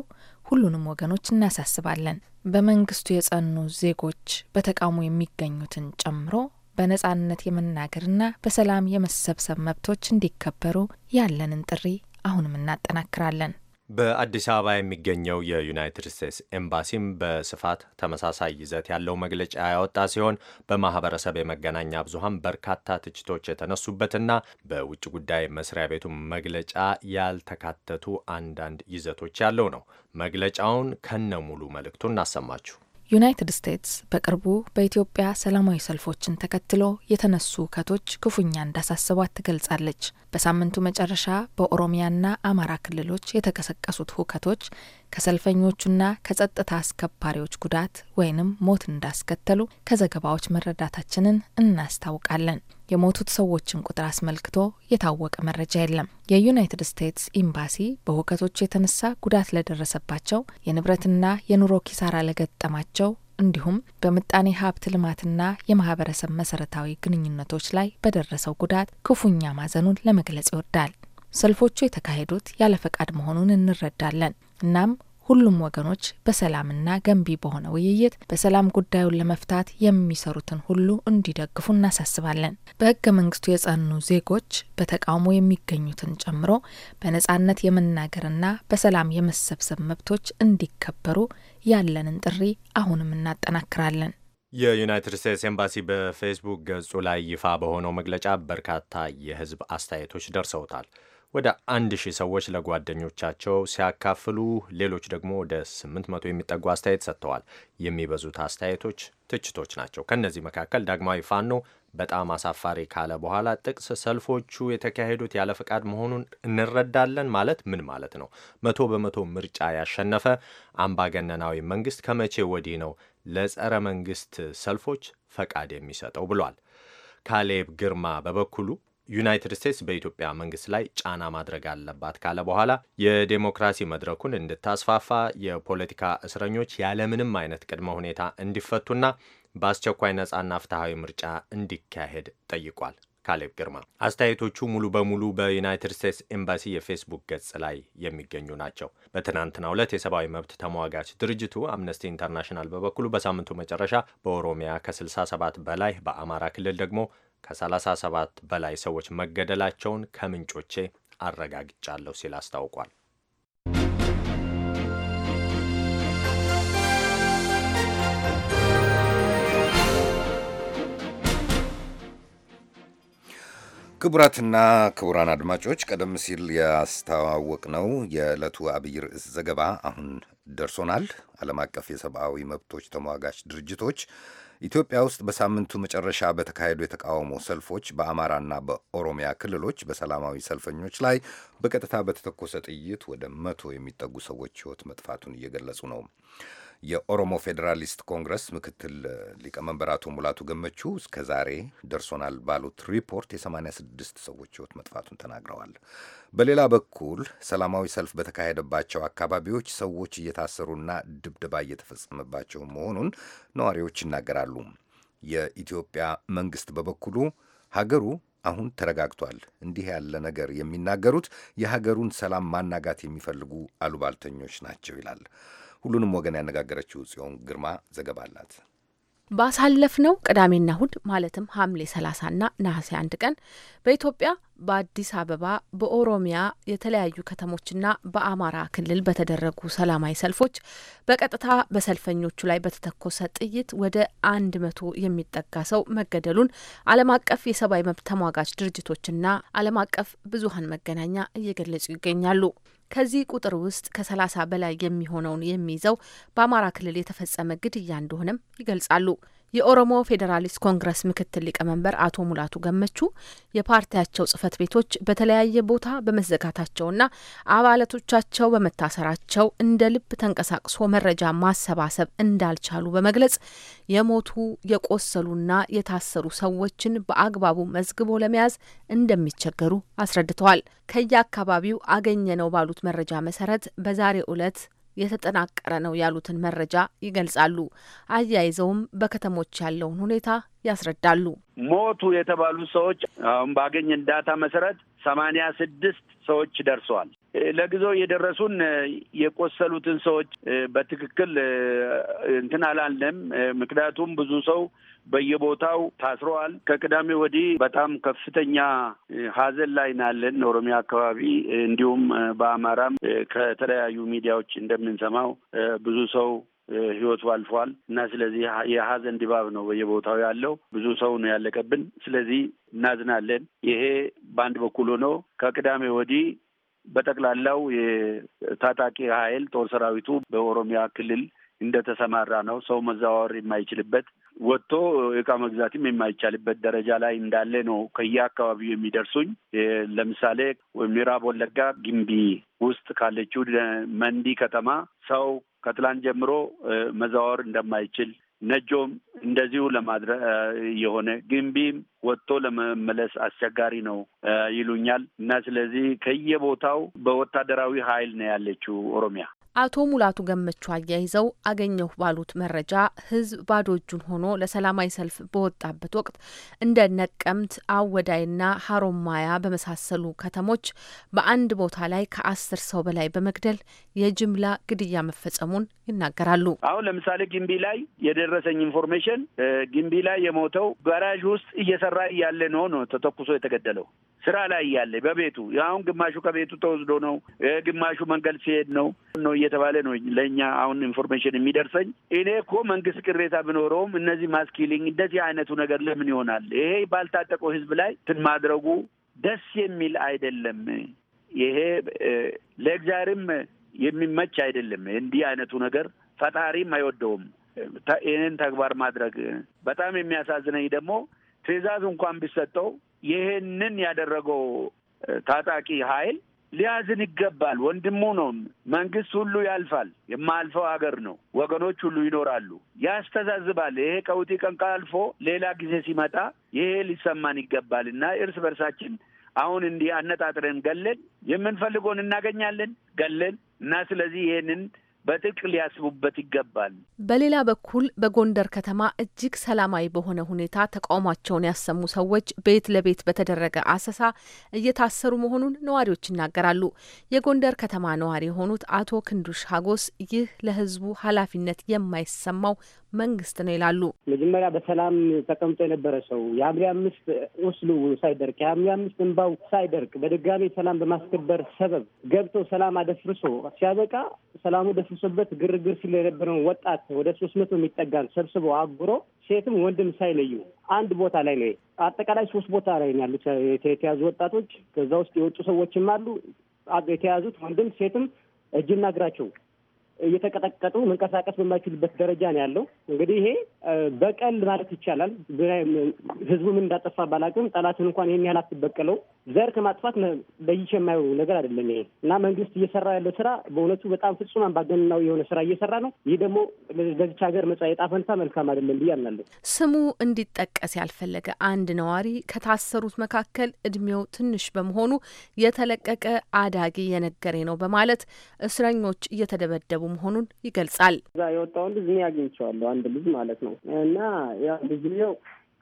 ሁሉንም ወገኖች እናሳስባለን። በመንግስቱ የጸኑ ዜጎች በተቃውሞ የሚገኙትን ጨምሮ በነጻነት የመናገርና በሰላም የመሰብሰብ መብቶች እንዲከበሩ ያለንን ጥሪ አሁንም እናጠናክራለን። በአዲስ አበባ የሚገኘው የዩናይትድ ስቴትስ ኤምባሲም በስፋት ተመሳሳይ ይዘት ያለው መግለጫ ያወጣ ሲሆን በማህበረሰብ የመገናኛ ብዙሃን በርካታ ትችቶች የተነሱበትና በውጭ ጉዳይ መስሪያ ቤቱ መግለጫ ያልተካተቱ አንዳንድ ይዘቶች ያለው ነው። መግለጫውን ከነ ሙሉ መልእክቱ እናሰማችሁ። ዩናይትድ ስቴትስ በቅርቡ በኢትዮጵያ ሰላማዊ ሰልፎችን ተከትሎ የተነሱ ሁከቶች ክፉኛ እንዳሳሰቧት ትገልጻለች። በሳምንቱ መጨረሻ በኦሮሚያና አማራ ክልሎች የተቀሰቀሱት ሁከቶች ከሰልፈኞቹና ከጸጥታ አስከባሪዎች ጉዳት ወይንም ሞት እንዳስከተሉ ከዘገባዎች መረዳታችንን እናስታውቃለን። የሞቱት ሰዎችን ቁጥር አስመልክቶ የታወቀ መረጃ የለም። የዩናይትድ ስቴትስ ኤምባሲ በሁከቶቹ የተነሳ ጉዳት ለደረሰባቸው የንብረትና የኑሮ ኪሳራ ለገጠማቸው እንዲሁም በምጣኔ ሀብት ልማትና የማህበረሰብ መሰረታዊ ግንኙነቶች ላይ በደረሰው ጉዳት ክፉኛ ማዘኑን ለመግለጽ ይወዳል። ሰልፎቹ የተካሄዱት ያለ ፈቃድ መሆኑን እንረዳለን። እናም ሁሉም ወገኖች በሰላምና ገንቢ በሆነ ውይይት በሰላም ጉዳዩን ለመፍታት የሚሰሩትን ሁሉ እንዲደግፉ እናሳስባለን። በህገ መንግስቱ የጸኑ ዜጎች በተቃውሞ የሚገኙትን ጨምሮ በነጻነት የመናገርና በሰላም የመሰብሰብ መብቶች እንዲከበሩ ያለንን ጥሪ አሁንም እናጠናክራለን። የዩናይትድ ስቴትስ ኤምባሲ በፌስቡክ ገጹ ላይ ይፋ በሆነው መግለጫ በርካታ የህዝብ አስተያየቶች ደርሰውታል። ወደ አንድ ሺህ ሰዎች ለጓደኞቻቸው ሲያካፍሉ ሌሎች ደግሞ ወደ 800 የሚጠጉ አስተያየት ሰጥተዋል። የሚበዙት አስተያየቶች ትችቶች ናቸው። ከእነዚህ መካከል ዳግማዊ ፋኖ በጣም አሳፋሪ ካለ በኋላ ጥቅስ ሰልፎቹ የተካሄዱት ያለ ፈቃድ መሆኑን እንረዳለን ማለት ምን ማለት ነው? መቶ በመቶ ምርጫ ያሸነፈ አምባገነናዊ መንግስት ከመቼ ወዲህ ነው ለጸረ መንግስት ሰልፎች ፈቃድ የሚሰጠው? ብሏል። ካሌብ ግርማ በበኩሉ ዩናይትድ ስቴትስ በኢትዮጵያ መንግስት ላይ ጫና ማድረግ አለባት ካለ በኋላ የዴሞክራሲ መድረኩን እንድታስፋፋ የፖለቲካ እስረኞች ያለምንም አይነት ቅድመ ሁኔታ እንዲፈቱና በአስቸኳይ ነጻና ፍትሐዊ ምርጫ እንዲካሄድ ጠይቋል። ካሌብ ግርማ። አስተያየቶቹ ሙሉ በሙሉ በዩናይትድ ስቴትስ ኤምባሲ የፌስቡክ ገጽ ላይ የሚገኙ ናቸው። በትናንትናው ዕለት የሰብአዊ መብት ተሟጋች ድርጅቱ አምነስቲ ኢንተርናሽናል በበኩሉ በሳምንቱ መጨረሻ በኦሮሚያ ከ67 በላይ በአማራ ክልል ደግሞ ከ37 በላይ ሰዎች መገደላቸውን ከምንጮቼ አረጋግጫለሁ ሲል አስታውቋል። ክቡራትና ክቡራን አድማጮች ቀደም ሲል ያስተዋወቅነው የዕለቱ አብይ ርዕስ ዘገባ አሁን ደርሶናል። ዓለም አቀፍ የሰብአዊ መብቶች ተሟጋች ድርጅቶች ኢትዮጵያ ውስጥ በሳምንቱ መጨረሻ በተካሄዱ የተቃውሞ ሰልፎች በአማራና በኦሮሚያ ክልሎች በሰላማዊ ሰልፈኞች ላይ በቀጥታ በተተኮሰ ጥይት ወደ መቶ የሚጠጉ ሰዎች ሕይወት መጥፋቱን እየገለጹ ነው። የኦሮሞ ፌዴራሊስት ኮንግረስ ምክትል ሊቀመንበር አቶ ሙላቱ ገመቹ እስከ ዛሬ ደርሶናል ባሉት ሪፖርት የ86 ሰዎች ህይወት መጥፋቱን ተናግረዋል። በሌላ በኩል ሰላማዊ ሰልፍ በተካሄደባቸው አካባቢዎች ሰዎች እየታሰሩና ድብደባ እየተፈጸመባቸው መሆኑን ነዋሪዎች ይናገራሉ። የኢትዮጵያ መንግስት በበኩሉ ሀገሩ አሁን ተረጋግቷል፣ እንዲህ ያለ ነገር የሚናገሩት የሀገሩን ሰላም ማናጋት የሚፈልጉ አሉባልተኞች ናቸው ይላል። ሁሉንም ወገን ያነጋገረችው ጽዮን ግርማ ዘገባ አላት። ባሳለፍነው ቅዳሜና እሁድ ማለትም ሐምሌ 30ና ነሐሴ አንድ ቀን በኢትዮጵያ በአዲስ አበባ በኦሮሚያ የተለያዩ ከተሞችና በአማራ ክልል በተደረጉ ሰላማዊ ሰልፎች በቀጥታ በሰልፈኞቹ ላይ በተተኮሰ ጥይት ወደ አንድ መቶ የሚጠጋ ሰው መገደሉን ዓለም አቀፍ የሰብአዊ መብት ተሟጋች ድርጅቶችና ዓለም አቀፍ ብዙሀን መገናኛ እየገለጹ ይገኛሉ። ከዚህ ቁጥር ውስጥ ከ30 በላይ የሚሆነውን የሚይዘው በአማራ ክልል የተፈጸመ ግድያ እንደሆነም ይገልጻሉ። የኦሮሞ ፌዴራሊስት ኮንግረስ ምክትል ሊቀመንበር አቶ ሙላቱ ገመቹ የፓርቲያቸው ጽህፈት ቤቶች በተለያየ ቦታ በመዘጋታቸውና አባላቶቻቸው በመታሰራቸው እንደ ልብ ተንቀሳቅሶ መረጃ ማሰባሰብ እንዳልቻሉ በመግለጽ የሞቱ የቆሰሉና የታሰሩ ሰዎችን በአግባቡ መዝግቦ ለመያዝ እንደሚቸገሩ አስረድተዋል። ከየአካባቢው አገኘ ነው ባሉት መረጃ መሰረት በዛሬ ። ዕለት የተጠናቀረ ነው ያሉትን መረጃ ይገልጻሉ። አያይዘውም በከተሞች ያለውን ሁኔታ ያስረዳሉ። ሞቱ የተባሉ ሰዎች አሁን ባገኝ እንዳታ መሰረት ሰማንያ ስድስት ሰዎች ደርሰዋል። ለጊዜው የደረሱን የቆሰሉትን ሰዎች በትክክል እንትን አላለም። ምክንያቱም ብዙ ሰው በየቦታው ታስረዋል። ከቅዳሜ ወዲህ በጣም ከፍተኛ ሀዘን ላይ ናለን ኦሮሚያ አካባቢ እንዲሁም በአማራም ከተለያዩ ሚዲያዎች እንደምንሰማው ብዙ ሰው ህይወቱ አልፏል እና ስለዚህ የሀዘን ድባብ ነው በየቦታው ያለው። ብዙ ሰው ነው ያለቀብን። ስለዚህ እናዝናለን። ይሄ በአንድ በኩል ሆኖ ከቅዳሜ ወዲህ በጠቅላላው የታጣቂ ኃይል ጦር ሰራዊቱ በኦሮሚያ ክልል እንደተሰማራ ነው። ሰው መዘዋወር የማይችልበት ወጥቶ እቃ መግዛትም የማይቻልበት ደረጃ ላይ እንዳለ ነው ከየአካባቢው የሚደርሱኝ። ለምሳሌ ምዕራብ ወለጋ ግንቢ ውስጥ ካለችው መንዲ ከተማ ሰው ከትላንት ጀምሮ መዘዋወር እንደማይችል ነጆም እንደዚሁ ለማድረ የሆነ ግንቢም ወጥቶ ለመመለስ አስቸጋሪ ነው ይሉኛል። እና ስለዚህ ከየቦታው በወታደራዊ ኃይል ነው ያለችው ኦሮሚያ። አቶ ሙላቱ ገመቹ አያይዘው አገኘሁ ባሉት መረጃ ህዝብ ባዶ እጁን ሆኖ ለሰላማዊ ሰልፍ በወጣበት ወቅት እንደ ነቀምት፣ አወዳይና ሀሮማያ በመሳሰሉ ከተሞች በአንድ ቦታ ላይ ከአስር ሰው በላይ በመግደል የጅምላ ግድያ መፈጸሙን ይናገራሉ። አሁን ለምሳሌ ግንቢ ላይ የደረሰኝ ኢንፎርሜሽን ግንቢ ላይ የሞተው ጋራዥ ውስጥ እየሰራ እያለ ነው ነው ተተኩሶ የተገደለው ስራ ላይ እያለ በቤቱ አሁን ግማሹ ከቤቱ ተወስዶ ነው፣ ግማሹ መንገድ ሲሄድ ነው ነው እየተባለ ነው ለእኛ አሁን ኢንፎርሜሽን የሚደርሰኝ። እኔ እኮ መንግስት ቅሬታ ቢኖረውም እነዚህ ማስኪሊንግ እንደዚህ አይነቱ ነገር ለምን ይሆናል? ይሄ ባልታጠቀው ህዝብ ላይ ትን ማድረጉ ደስ የሚል አይደለም። ይሄ ለእግዚአብሔርም የሚመች አይደለም። እንዲህ አይነቱ ነገር ፈጣሪም አይወደውም። ይህንን ተግባር ማድረግ በጣም የሚያሳዝነኝ ደግሞ ትዕዛዝ እንኳን ቢሰጠው ይህንን ያደረገው ታጣቂ ኃይል ሊያዝን ይገባል። ወንድሙ ነው። መንግስት ሁሉ ያልፋል። የማያልፈው ሀገር ነው። ወገኖች ሁሉ ይኖራሉ። ያስተዛዝባል። ይሄ ቀውጢ ቀን አልፎ ሌላ ጊዜ ሲመጣ ይሄ ሊሰማን ይገባል እና እርስ በርሳችን አሁን እንዲህ አነጣጥረን ገለን የምንፈልገውን እናገኛለን ገለን እና ስለዚህ ይሄንን በጥልቅ ሊያስቡበት ይገባል። በሌላ በኩል በጎንደር ከተማ እጅግ ሰላማዊ በሆነ ሁኔታ ተቃውሟቸውን ያሰሙ ሰዎች ቤት ለቤት በተደረገ አሰሳ እየታሰሩ መሆኑን ነዋሪዎች ይናገራሉ። የጎንደር ከተማ ነዋሪ የሆኑት አቶ ክንዱሽ ሀጎስ ይህ ለሕዝቡ ኃላፊነት የማይሰማው መንግስት ነው ይላሉ። መጀመሪያ በሰላም ተቀምጦ የነበረ ሰው የሐምሌ አምስት ቁስሉ ሳይደርቅ የሐምሌ አምስት እንባው ሳይደርቅ በድጋሚ ሰላም በማስከበር ሰበብ ገብቶ ሰላም አደፍርሶ ሲያበቃ ሰላሙ ደፍርሶበት ግርግር ሲል የነበረውን ወጣት ወደ ሶስት መቶ የሚጠጋን ሰብስቦ አጉሮ ሴትም ወንድም ሳይለዩ አንድ ቦታ ላይ ነው። አጠቃላይ ሶስት ቦታ ላይ ነው ያሉት የተያዙ ወጣቶች። ከዛ ውስጥ የወጡ ሰዎችም አሉ። የተያዙት ወንድም ሴትም እጅና እግራቸው እየተቀጠቀጡ መንቀሳቀስ በማይችሉበት ደረጃ ነው ያለው። እንግዲህ ይሄ በቀል ማለት ይቻላል። ህዝቡ ምን እንዳጠፋ ባላቅም ጠላትን እንኳን ይህን ያህል አትበቀለው። ዘር ከማጥፋት ለይቼ የማየው ነገር አይደለም ይሄ እና መንግስት እየሰራ ያለው ስራ በእውነቱ በጣም ፍጹም አምባገነናዊ የሆነ ስራ እየሰራ ነው። ይህ ደግሞ ለዚች ሀገር መጻኢ ዕጣ ፈንታ መልካም አይደለም ብዬ አምናለሁ። ስሙ እንዲጠቀስ ያልፈለገ አንድ ነዋሪ ከታሰሩት መካከል እድሜው ትንሽ በመሆኑ የተለቀቀ አዳጊ የነገሬ ነው በማለት እስረኞች እየተደበደቡ መሆኑን ይገልጻል። እዛ የወጣውን ልጅ እኔ አግኝቼዋለሁ። አንድ ልጅ ማለት ነው እና ያ ልጅ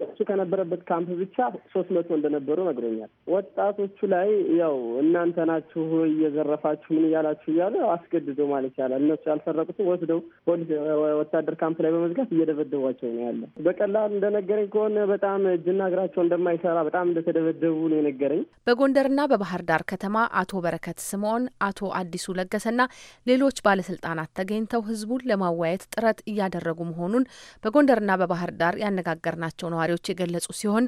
እሱ ከነበረበት ካምፕ ብቻ ሶስት መቶ እንደነበሩ ነግሮኛል። ወጣቶቹ ላይ ያው እናንተ ናችሁ እየዘረፋችሁ ምን እያላችሁ እያሉ አስገድዶ ማለት ይቻላል እነሱ ያልሰረቁትም ወስደው ፖሊስ ወታደር ካምፕ ላይ በመዝጋት እየደበደቧቸው ነው ያለ። በቀላል እንደነገረኝ ከሆነ በጣም እጅና እግራቸው እንደማይሰራ በጣም እንደተደበደቡ ነው የነገረኝ። በጎንደርና በባህር ዳር ከተማ አቶ በረከት ስምዖን፣ አቶ አዲሱ ለገሰና ሌሎች ባለስልጣናት ተገኝተው ህዝቡን ለማወያየት ጥረት እያደረጉ መሆኑን በጎንደርና በባህር ዳር ያነጋገርናቸው ነዋል ነዋሪዎች የገለጹ ሲሆን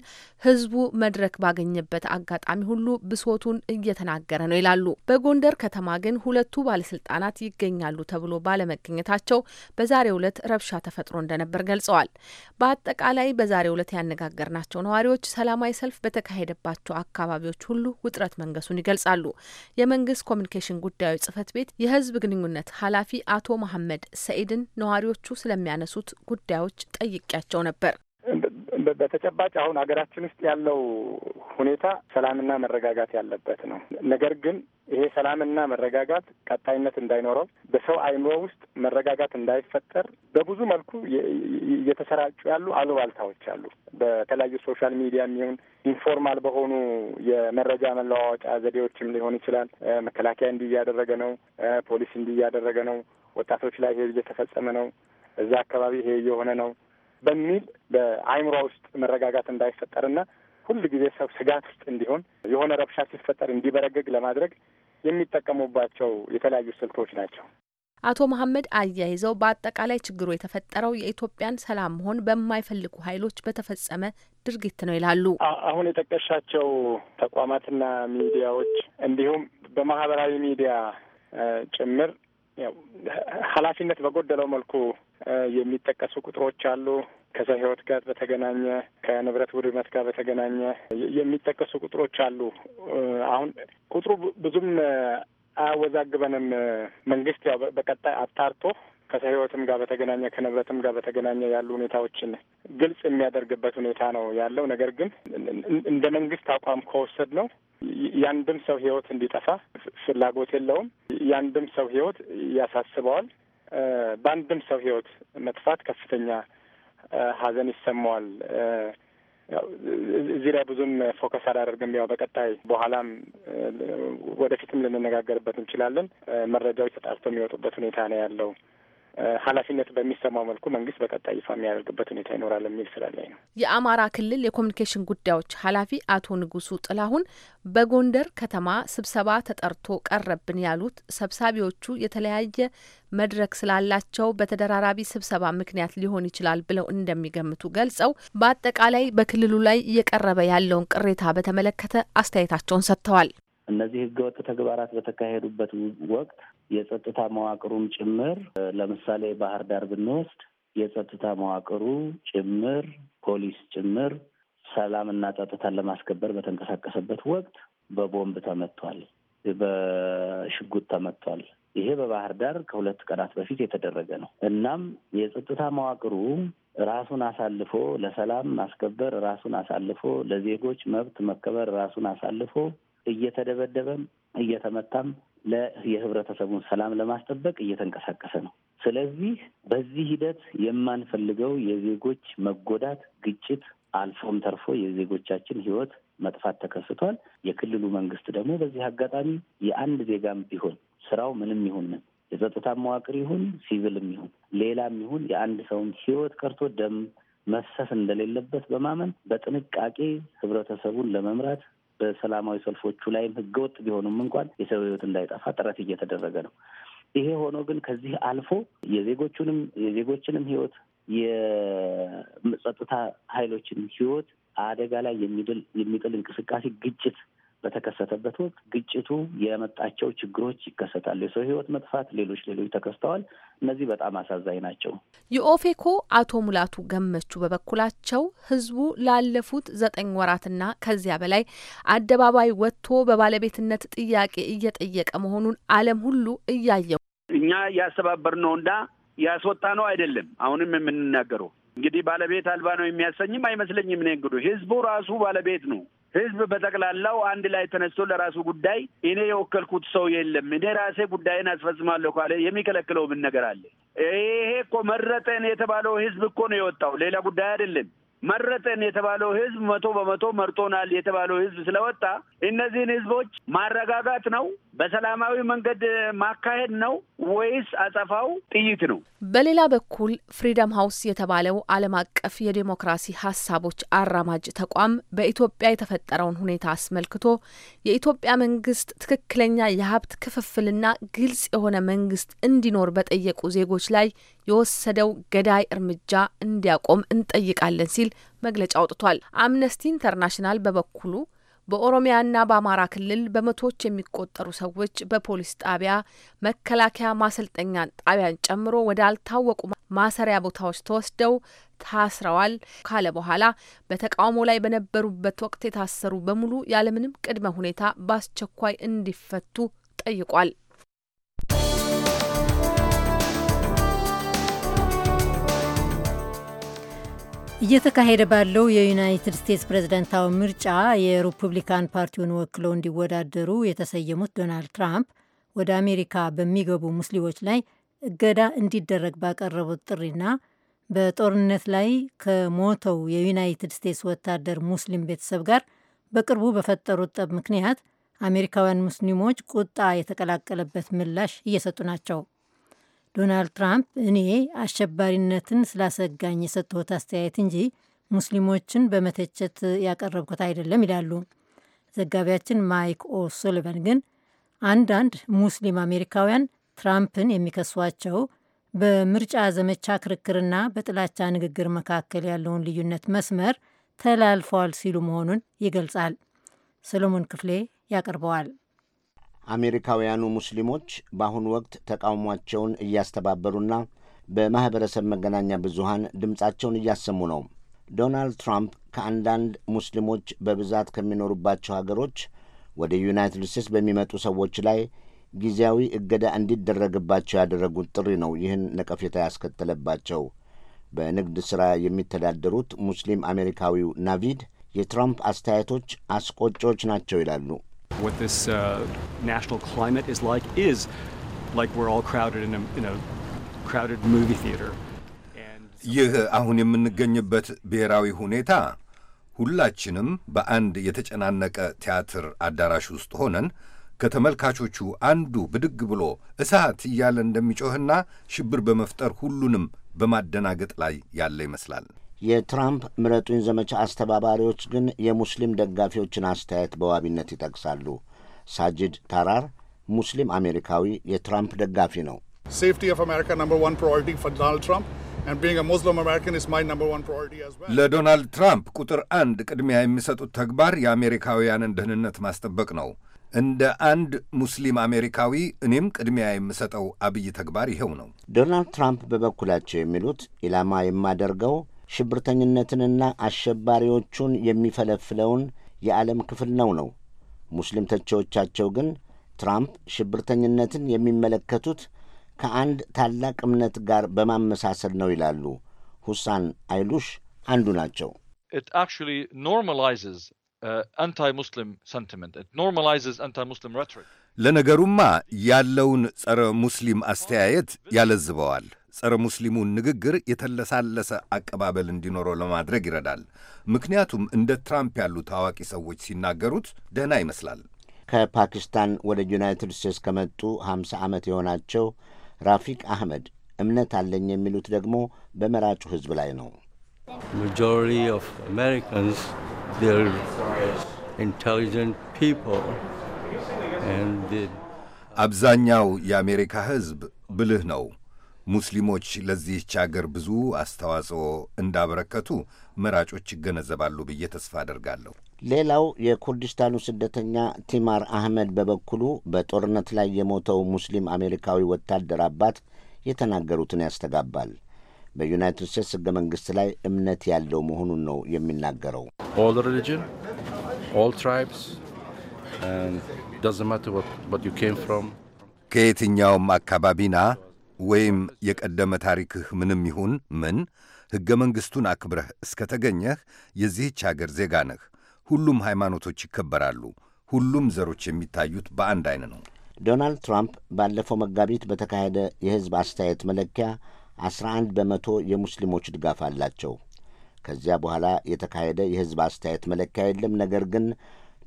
ህዝቡ መድረክ ባገኘበት አጋጣሚ ሁሉ ብሶቱን እየተናገረ ነው ይላሉ። በጎንደር ከተማ ግን ሁለቱ ባለስልጣናት ይገኛሉ ተብሎ ባለመገኘታቸው በዛሬው ዕለት ረብሻ ተፈጥሮ እንደነበር ገልጸዋል። በአጠቃላይ በዛሬው ዕለት ያነጋገርናቸው ነዋሪዎች ሰላማዊ ሰልፍ በተካሄደባቸው አካባቢዎች ሁሉ ውጥረት መንገሱን ይገልጻሉ። የመንግስት ኮሚኒኬሽን ጉዳዮች ጽህፈት ቤት የህዝብ ግንኙነት ኃላፊ አቶ መሐመድ ሰኢድን ነዋሪዎቹ ስለሚያነሱት ጉዳዮች ጠይቄያቸው ነበር። በተጨባጭ አሁን ሀገራችን ውስጥ ያለው ሁኔታ ሰላምና መረጋጋት ያለበት ነው። ነገር ግን ይሄ ሰላምና መረጋጋት ቀጣይነት እንዳይኖረው በሰው አይምሮ ውስጥ መረጋጋት እንዳይፈጠር በብዙ መልኩ እየተሰራጩ ያሉ አሉባልታዎች አሉ። በተለያዩ ሶሻል ሚዲያ የሚሆን ኢንፎርማል በሆኑ የመረጃ መለዋወጫ ዘዴዎችም ሊሆን ይችላል። መከላከያ እንዲህ እያደረገ ነው፣ ፖሊስ እንዲህ እያደረገ ነው፣ ወጣቶች ላይ ይሄ እየተፈጸመ ነው፣ እዛ አካባቢ ይሄ እየሆነ ነው በሚል በአይምሮ ውስጥ መረጋጋት እንዳይፈጠርና ሁል ጊዜ ሰው ስጋት ውስጥ እንዲሆን የሆነ ረብሻ ሲፈጠር እንዲበረግግ ለማድረግ የሚጠቀሙባቸው የተለያዩ ስልቶች ናቸው። አቶ መሀመድ አያይዘው በአጠቃላይ ችግሩ የተፈጠረው የኢትዮጵያን ሰላም መሆን በማይፈልጉ ኃይሎች በተፈጸመ ድርጊት ነው ይላሉ። አሁን የጠቀሻቸው ተቋማትና ሚዲያዎች እንዲሁም በማህበራዊ ሚዲያ ጭምር ኃላፊነት በጎደለው መልኩ የሚጠቀሱ ቁጥሮች አሉ። ከሰው ሕይወት ጋር በተገናኘ ከንብረት ውድመት ጋር በተገናኘ የሚጠቀሱ ቁጥሮች አሉ። አሁን ቁጥሩ ብዙም አያወዛግበንም። መንግስት ያው በቀጣይ አጣርቶ ከሰው ሕይወትም ጋር በተገናኘ ከንብረትም ጋር በተገናኘ ያሉ ሁኔታዎችን ግልጽ የሚያደርግበት ሁኔታ ነው ያለው። ነገር ግን እንደ መንግስት አቋም ከወሰድ ነው ያንድም ሰው ሕይወት እንዲጠፋ ፍላጎት የለውም። ያንድም ሰው ሕይወት ያሳስበዋል። በአንድም ሰው ህይወት መጥፋት ከፍተኛ ሀዘን ይሰማዋል። እዚህ ላይ ብዙም ፎከስ አላደርግም። ያው በቀጣይ በኋላም ወደፊትም ልንነጋገርበት እንችላለን። መረጃዎች ተጣርቶ የሚወጡበት ሁኔታ ነው ያለው። ኃላፊነት በሚሰማው መልኩ መንግስት በቀጣይ ይፋ የሚያደርግበት ሁኔታ ይኖራል የሚል ስላለኝ ነው። የአማራ ክልል የኮሚኒኬሽን ጉዳዮች ኃላፊ አቶ ንጉሱ ጥላሁን በጎንደር ከተማ ስብሰባ ተጠርቶ ቀረብን ያሉት ሰብሳቢዎቹ የተለያየ መድረክ ስላላቸው በተደራራቢ ስብሰባ ምክንያት ሊሆን ይችላል ብለው እንደሚገምቱ ገልጸው በአጠቃላይ በክልሉ ላይ እየቀረበ ያለውን ቅሬታ በተመለከተ አስተያየታቸውን ሰጥተዋል። እነዚህ ህገወጥ ተግባራት በተካሄዱበት ወቅት የጸጥታ መዋቅሩም ጭምር ለምሳሌ ባህር ዳር ብንወስድ የጸጥታ መዋቅሩ ጭምር ፖሊስ ጭምር ሰላምና ጸጥታን ለማስከበር በተንቀሳቀሰበት ወቅት በቦምብ ተመቷል፣ በሽጉጥ ተመቷል። ይሄ በባህር ዳር ከሁለት ቀናት በፊት የተደረገ ነው። እናም የጸጥታ መዋቅሩ ራሱን አሳልፎ ለሰላም ማስከበር ራሱን አሳልፎ ለዜጎች መብት መከበር ራሱን አሳልፎ እየተደበደበም እየተመታም የህብረተሰቡን ሰላም ለማስጠበቅ እየተንቀሳቀሰ ነው። ስለዚህ በዚህ ሂደት የማንፈልገው የዜጎች መጎዳት፣ ግጭት አልፎም ተርፎ የዜጎቻችን ህይወት መጥፋት ተከስቷል። የክልሉ መንግስት ደግሞ በዚህ አጋጣሚ የአንድ ዜጋም ቢሆን ስራው ምንም ይሁን ምን የጸጥታ መዋቅር ይሁን ሲቪልም ይሁን ሌላም ይሁን የአንድ ሰውም ህይወት ቀርቶ ደም መፍሰስ እንደሌለበት በማመን በጥንቃቄ ህብረተሰቡን ለመምራት በሰላማዊ ሰልፎቹ ላይም ህገወጥ ቢሆኑም እንኳን የሰው ህይወት እንዳይጠፋ ጥረት እየተደረገ ነው። ይሄ ሆኖ ግን ከዚህ አልፎ የዜጎቹንም የዜጎችንም ህይወት የጸጥታ ኃይሎችን ህይወት አደጋ ላይ የሚጥል እንቅስቃሴ ግጭት በተከሰተበት ወቅት ግጭቱ የመጣቸው ችግሮች ይከሰታሉ። የሰው ህይወት መጥፋት፣ ሌሎች ሌሎች ተከስተዋል። እነዚህ በጣም አሳዛኝ ናቸው። የኦፌኮ አቶ ሙላቱ ገመቹ በበኩላቸው ህዝቡ ላለፉት ዘጠኝ ወራትና ከዚያ በላይ አደባባይ ወጥቶ በባለቤትነት ጥያቄ እየጠየቀ መሆኑን ዓለም ሁሉ እያየው እኛ ያስተባበር ነው እንዳ ያስወጣ ነው አይደለም። አሁንም የምንናገረው እንግዲህ ባለቤት አልባ ነው የሚያሰኝም አይመስለኝም። እኔ እንግዲህ ህዝቡ ራሱ ባለቤት ነው ህዝብ በጠቅላላው አንድ ላይ ተነስቶ ለራሱ ጉዳይ እኔ የወከልኩት ሰው የለም፣ እኔ ራሴ ጉዳይን አስፈጽማለሁ ካለ የሚከለክለው ምን ነገር አለ? ይሄ እኮ መረጠን የተባለው ህዝብ እኮ ነው የወጣው፣ ሌላ ጉዳይ አይደለም። መረጠን የተባለው ህዝብ መቶ በመቶ መርጦናል የተባለው ህዝብ ስለወጣ እነዚህን ህዝቦች ማረጋጋት ነው፣ በሰላማዊ መንገድ ማካሄድ ነው ወይስ አጸፋው ጥይት ነው? በሌላ በኩል ፍሪደም ሀውስ የተባለው ዓለም አቀፍ የዴሞክራሲ ሀሳቦች አራማጅ ተቋም በኢትዮጵያ የተፈጠረውን ሁኔታ አስመልክቶ የኢትዮጵያ መንግስት ትክክለኛ የሀብት ክፍፍልና ግልጽ የሆነ መንግስት እንዲኖር በጠየቁ ዜጎች ላይ የወሰደው ገዳይ እርምጃ እንዲያቆም እንጠይቃለን ሲል መግለጫ አውጥቷል። አምነስቲ ኢንተርናሽናል በበኩሉ በኦሮሚያና በአማራ ክልል በመቶዎች የሚቆጠሩ ሰዎች በፖሊስ ጣቢያ፣ መከላከያ ማሰልጠኛ ጣቢያን ጨምሮ ወዳልታወቁ ማሰሪያ ቦታዎች ተወስደው ታስረዋል ካለ በኋላ በተቃውሞ ላይ በነበሩበት ወቅት የታሰሩ በሙሉ ያለምንም ቅድመ ሁኔታ በአስቸኳይ እንዲፈቱ ጠይቋል። እየተካሄደ ባለው የዩናይትድ ስቴትስ ፕሬዝደንታዊ ምርጫ የሪፑብሊካን ፓርቲውን ወክለው እንዲወዳደሩ የተሰየሙት ዶናልድ ትራምፕ ወደ አሜሪካ በሚገቡ ሙስሊሞች ላይ እገዳ እንዲደረግ ባቀረቡት ጥሪና በጦርነት ላይ ከሞተው የዩናይትድ ስቴትስ ወታደር ሙስሊም ቤተሰብ ጋር በቅርቡ በፈጠሩት ጠብ ምክንያት አሜሪካውያን ሙስሊሞች ቁጣ የተቀላቀለበት ምላሽ እየሰጡ ናቸው። ዶናልድ ትራምፕ እኔ አሸባሪነትን ስላሰጋኝ የሰጠሁት አስተያየት እንጂ ሙስሊሞችን በመተቸት ያቀረብኩት አይደለም ይላሉ። ዘጋቢያችን ማይክ ኦሶሊቫን ግን አንዳንድ ሙስሊም አሜሪካውያን ትራምፕን የሚከሷቸው በምርጫ ዘመቻ ክርክርና በጥላቻ ንግግር መካከል ያለውን ልዩነት መስመር ተላልፈዋል ሲሉ መሆኑን ይገልጻል። ሰሎሞን ክፍሌ ያቀርበዋል። አሜሪካውያኑ ሙስሊሞች በአሁኑ ወቅት ተቃውሟቸውን እያስተባበሩና በማኅበረሰብ መገናኛ ብዙሃን ድምፃቸውን እያሰሙ ነው። ዶናልድ ትራምፕ ከአንዳንድ ሙስሊሞች በብዛት ከሚኖሩባቸው ሀገሮች ወደ ዩናይትድ ስቴትስ በሚመጡ ሰዎች ላይ ጊዜያዊ እገዳ እንዲደረግባቸው ያደረጉት ጥሪ ነው ይህን ነቀፌታ ያስከተለባቸው። በንግድ ሥራ የሚተዳደሩት ሙስሊም አሜሪካዊው ናቪድ የትራምፕ አስተያየቶች አስቆጮች ናቸው ይላሉ። What this uh, national climate is like is like we're all crowded in a, in a crowded movie theater. ይህ አሁን የምንገኝበት ብሔራዊ ሁኔታ ሁላችንም በአንድ የተጨናነቀ ቲያትር አዳራሽ ውስጥ ሆነን ከተመልካቾቹ አንዱ ብድግ ብሎ እሳት እያለ እንደሚጮህና ሽብር በመፍጠር ሁሉንም በማደናገጥ ላይ ያለ ይመስላል። የትራምፕ ምረጡኝ ዘመቻ አስተባባሪዎች ግን የሙስሊም ደጋፊዎችን አስተያየት በዋቢነት ይጠቅሳሉ። ሳጅድ ታራር ሙስሊም አሜሪካዊ የትራምፕ ደጋፊ ነው። ለዶናልድ ትራምፕ ቁጥር አንድ ቅድሚያ የሚሰጡት ተግባር የአሜሪካውያንን ደህንነት ማስጠበቅ ነው። እንደ አንድ ሙስሊም አሜሪካዊ እኔም ቅድሚያ የምሰጠው አብይ ተግባር ይኸው ነው። ዶናልድ ትራምፕ በበኩላቸው የሚሉት ኢላማ የማደርገው ሽብርተኝነትንና አሸባሪዎቹን የሚፈለፍለውን የዓለም ክፍል ነው ነው። ሙስሊም ተቺዎቻቸው ግን ትራምፕ ሽብርተኝነትን የሚመለከቱት ከአንድ ታላቅ እምነት ጋር በማመሳሰል ነው ይላሉ። ሁሳን አይሉሽ አንዱ ናቸው። uh, ለነገሩማ ያለውን ጸረ ሙስሊም አስተያየት ያለዝበዋል። ጸረ ሙስሊሙን ንግግር የተለሳለሰ አቀባበል እንዲኖረው ለማድረግ ይረዳል። ምክንያቱም እንደ ትራምፕ ያሉ ታዋቂ ሰዎች ሲናገሩት ደህና ይመስላል። ከፓኪስታን ወደ ዩናይትድ ስቴትስ ከመጡ 50 ዓመት የሆናቸው ራፊቅ አህመድ እምነት አለኝ የሚሉት ደግሞ በመራጩ ሕዝብ ላይ ነው። አብዛኛው የአሜሪካ ሕዝብ ብልህ ነው ሙስሊሞች ለዚህች አገር ብዙ አስተዋጽኦ እንዳበረከቱ መራጮች ይገነዘባሉ ብዬ ተስፋ አደርጋለሁ። ሌላው የኩርዲስታኑ ስደተኛ ቲማር አህመድ በበኩሉ በጦርነት ላይ የሞተው ሙስሊም አሜሪካዊ ወታደር አባት የተናገሩትን ያስተጋባል። በዩናይትድ ስቴትስ ሕገ መንግሥት ላይ እምነት ያለው መሆኑን ነው የሚናገረው። ከየትኛውም አካባቢና ወይም የቀደመ ታሪክህ ምንም ይሁን ምን ሕገ መንግሥቱን አክብረህ ተገኘህ የዚህች አገር ዜጋ ነህ። ሁሉም ሃይማኖቶች ይከበራሉ። ሁሉም ዘሮች የሚታዩት በአንድ አይን ነው። ዶናልድ ትራምፕ ባለፈው መጋቢት በተካሄደ የሕዝብ አስተያየት መለኪያ 11 በመቶ የሙስሊሞች ድጋፍ አላቸው። ከዚያ በኋላ የተካሄደ የሕዝብ አስተያየት መለኪያ የለም። ነገር ግን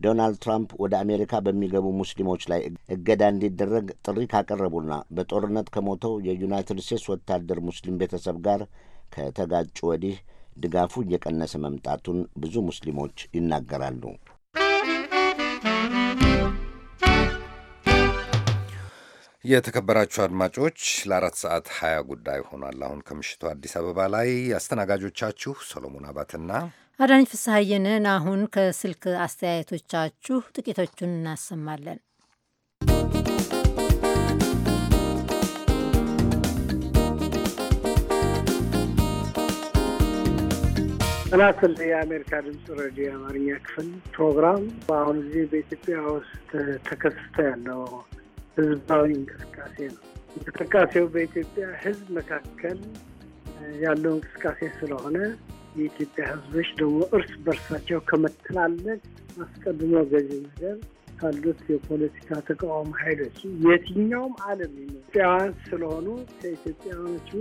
ዶናልድ ትራምፕ ወደ አሜሪካ በሚገቡ ሙስሊሞች ላይ እገዳ እንዲደረግ ጥሪ ካቀረቡና በጦርነት ከሞተው የዩናይትድ ስቴትስ ወታደር ሙስሊም ቤተሰብ ጋር ከተጋጩ ወዲህ ድጋፉ እየቀነሰ መምጣቱን ብዙ ሙስሊሞች ይናገራሉ። የተከበራችሁ አድማጮች ለአራት ሰዓት ሀያ ጉዳይ ሆኗል። አሁን ከምሽቱ አዲስ አበባ ላይ አስተናጋጆቻችሁ ሰሎሞን አባትና አዳኝ ፍስሐየንን አሁን ከስልክ አስተያየቶቻችሁ ጥቂቶቹን እናሰማለን። ጥናት የአሜሪካ ድምፅ ሬዲዮ የአማርኛ ክፍል ፕሮግራም በአሁኑ ጊዜ በኢትዮጵያ ውስጥ ተከስቶ ያለው ህዝባዊ እንቅስቃሴ ነው። እንቅስቃሴው በኢትዮጵያ ህዝብ መካከል ያለው እንቅስቃሴ ስለሆነ የኢትዮጵያ ህዝቦች ደግሞ እርስ በርሳቸው ከመተላለቅ አስቀድሞ በዚህ ነገር ካሉት የፖለቲካ ተቃዋሚ ኃይሎች የትኛውም ዓለም ኢትዮጵያውያን ስለሆኑ ከኢትዮጵያውያኖቹ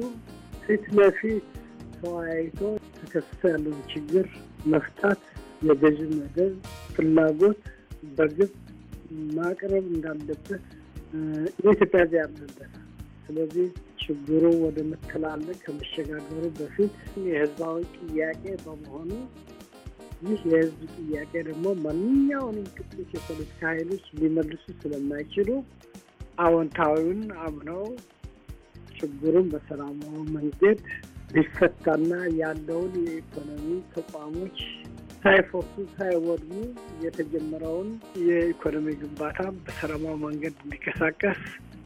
ፊት ለፊት ተወያይቶ ተከስቶ ያለውን ችግር መፍታት የገዥ መደብ ፍላጎት በግብ ማቅረብ እንዳለበት የኢትዮጵያ ዚያ ያምንበታል። ስለዚህ ችግሩ ወደ መተላለቅ ከመሸጋገሩ በፊት የህዝባዊ ጥያቄ በመሆኑ ይህ የህዝብ ጥያቄ ደግሞ ማንኛውንም ቅጥሎች የፖለቲካ ኃይሎች ሊመልሱ ስለማይችሉ አዎንታዊውን አምነው ችግሩን በሰላማዊ መንገድ ሊፈታና ያለውን የኢኮኖሚ ተቋሞች ሳይፈርሱ ሳይወድሙ የተጀመረውን የኢኮኖሚ ግንባታ በሰላማዊ መንገድ እንዲቀሳቀስ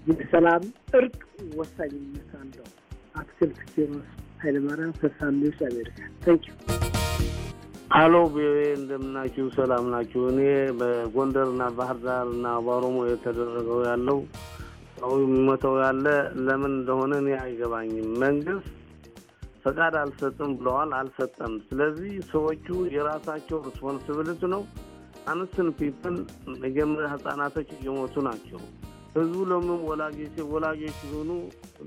የሰላም እርቅ ወሳኝነት አለው። አክስል ክርስቲኖስ ኃይለማርያም ከሳሚዎች አሜሪካ ታንኪ አሎ ቪኦኤ እንደምናችሁ፣ ሰላም ናችሁ? እኔ በጎንደርና ባህር ዳር እና በኦሮሞ የተደረገው ያለው ሰው ያለ ለምን እንደሆነ እኔ አይገባኝም። መንግስት ፈቃድ አልሰጥም ብለዋል፣ አልሰጠም። ስለዚህ ሰዎቹ የራሳቸው ሪስፖንስብልት ነው። አንስን ፒፕል መጀመሪያ ህጻናቶች እየሞቱ ናቸው። ህዝቡ ለምንም ወላጆች ሲሆኑ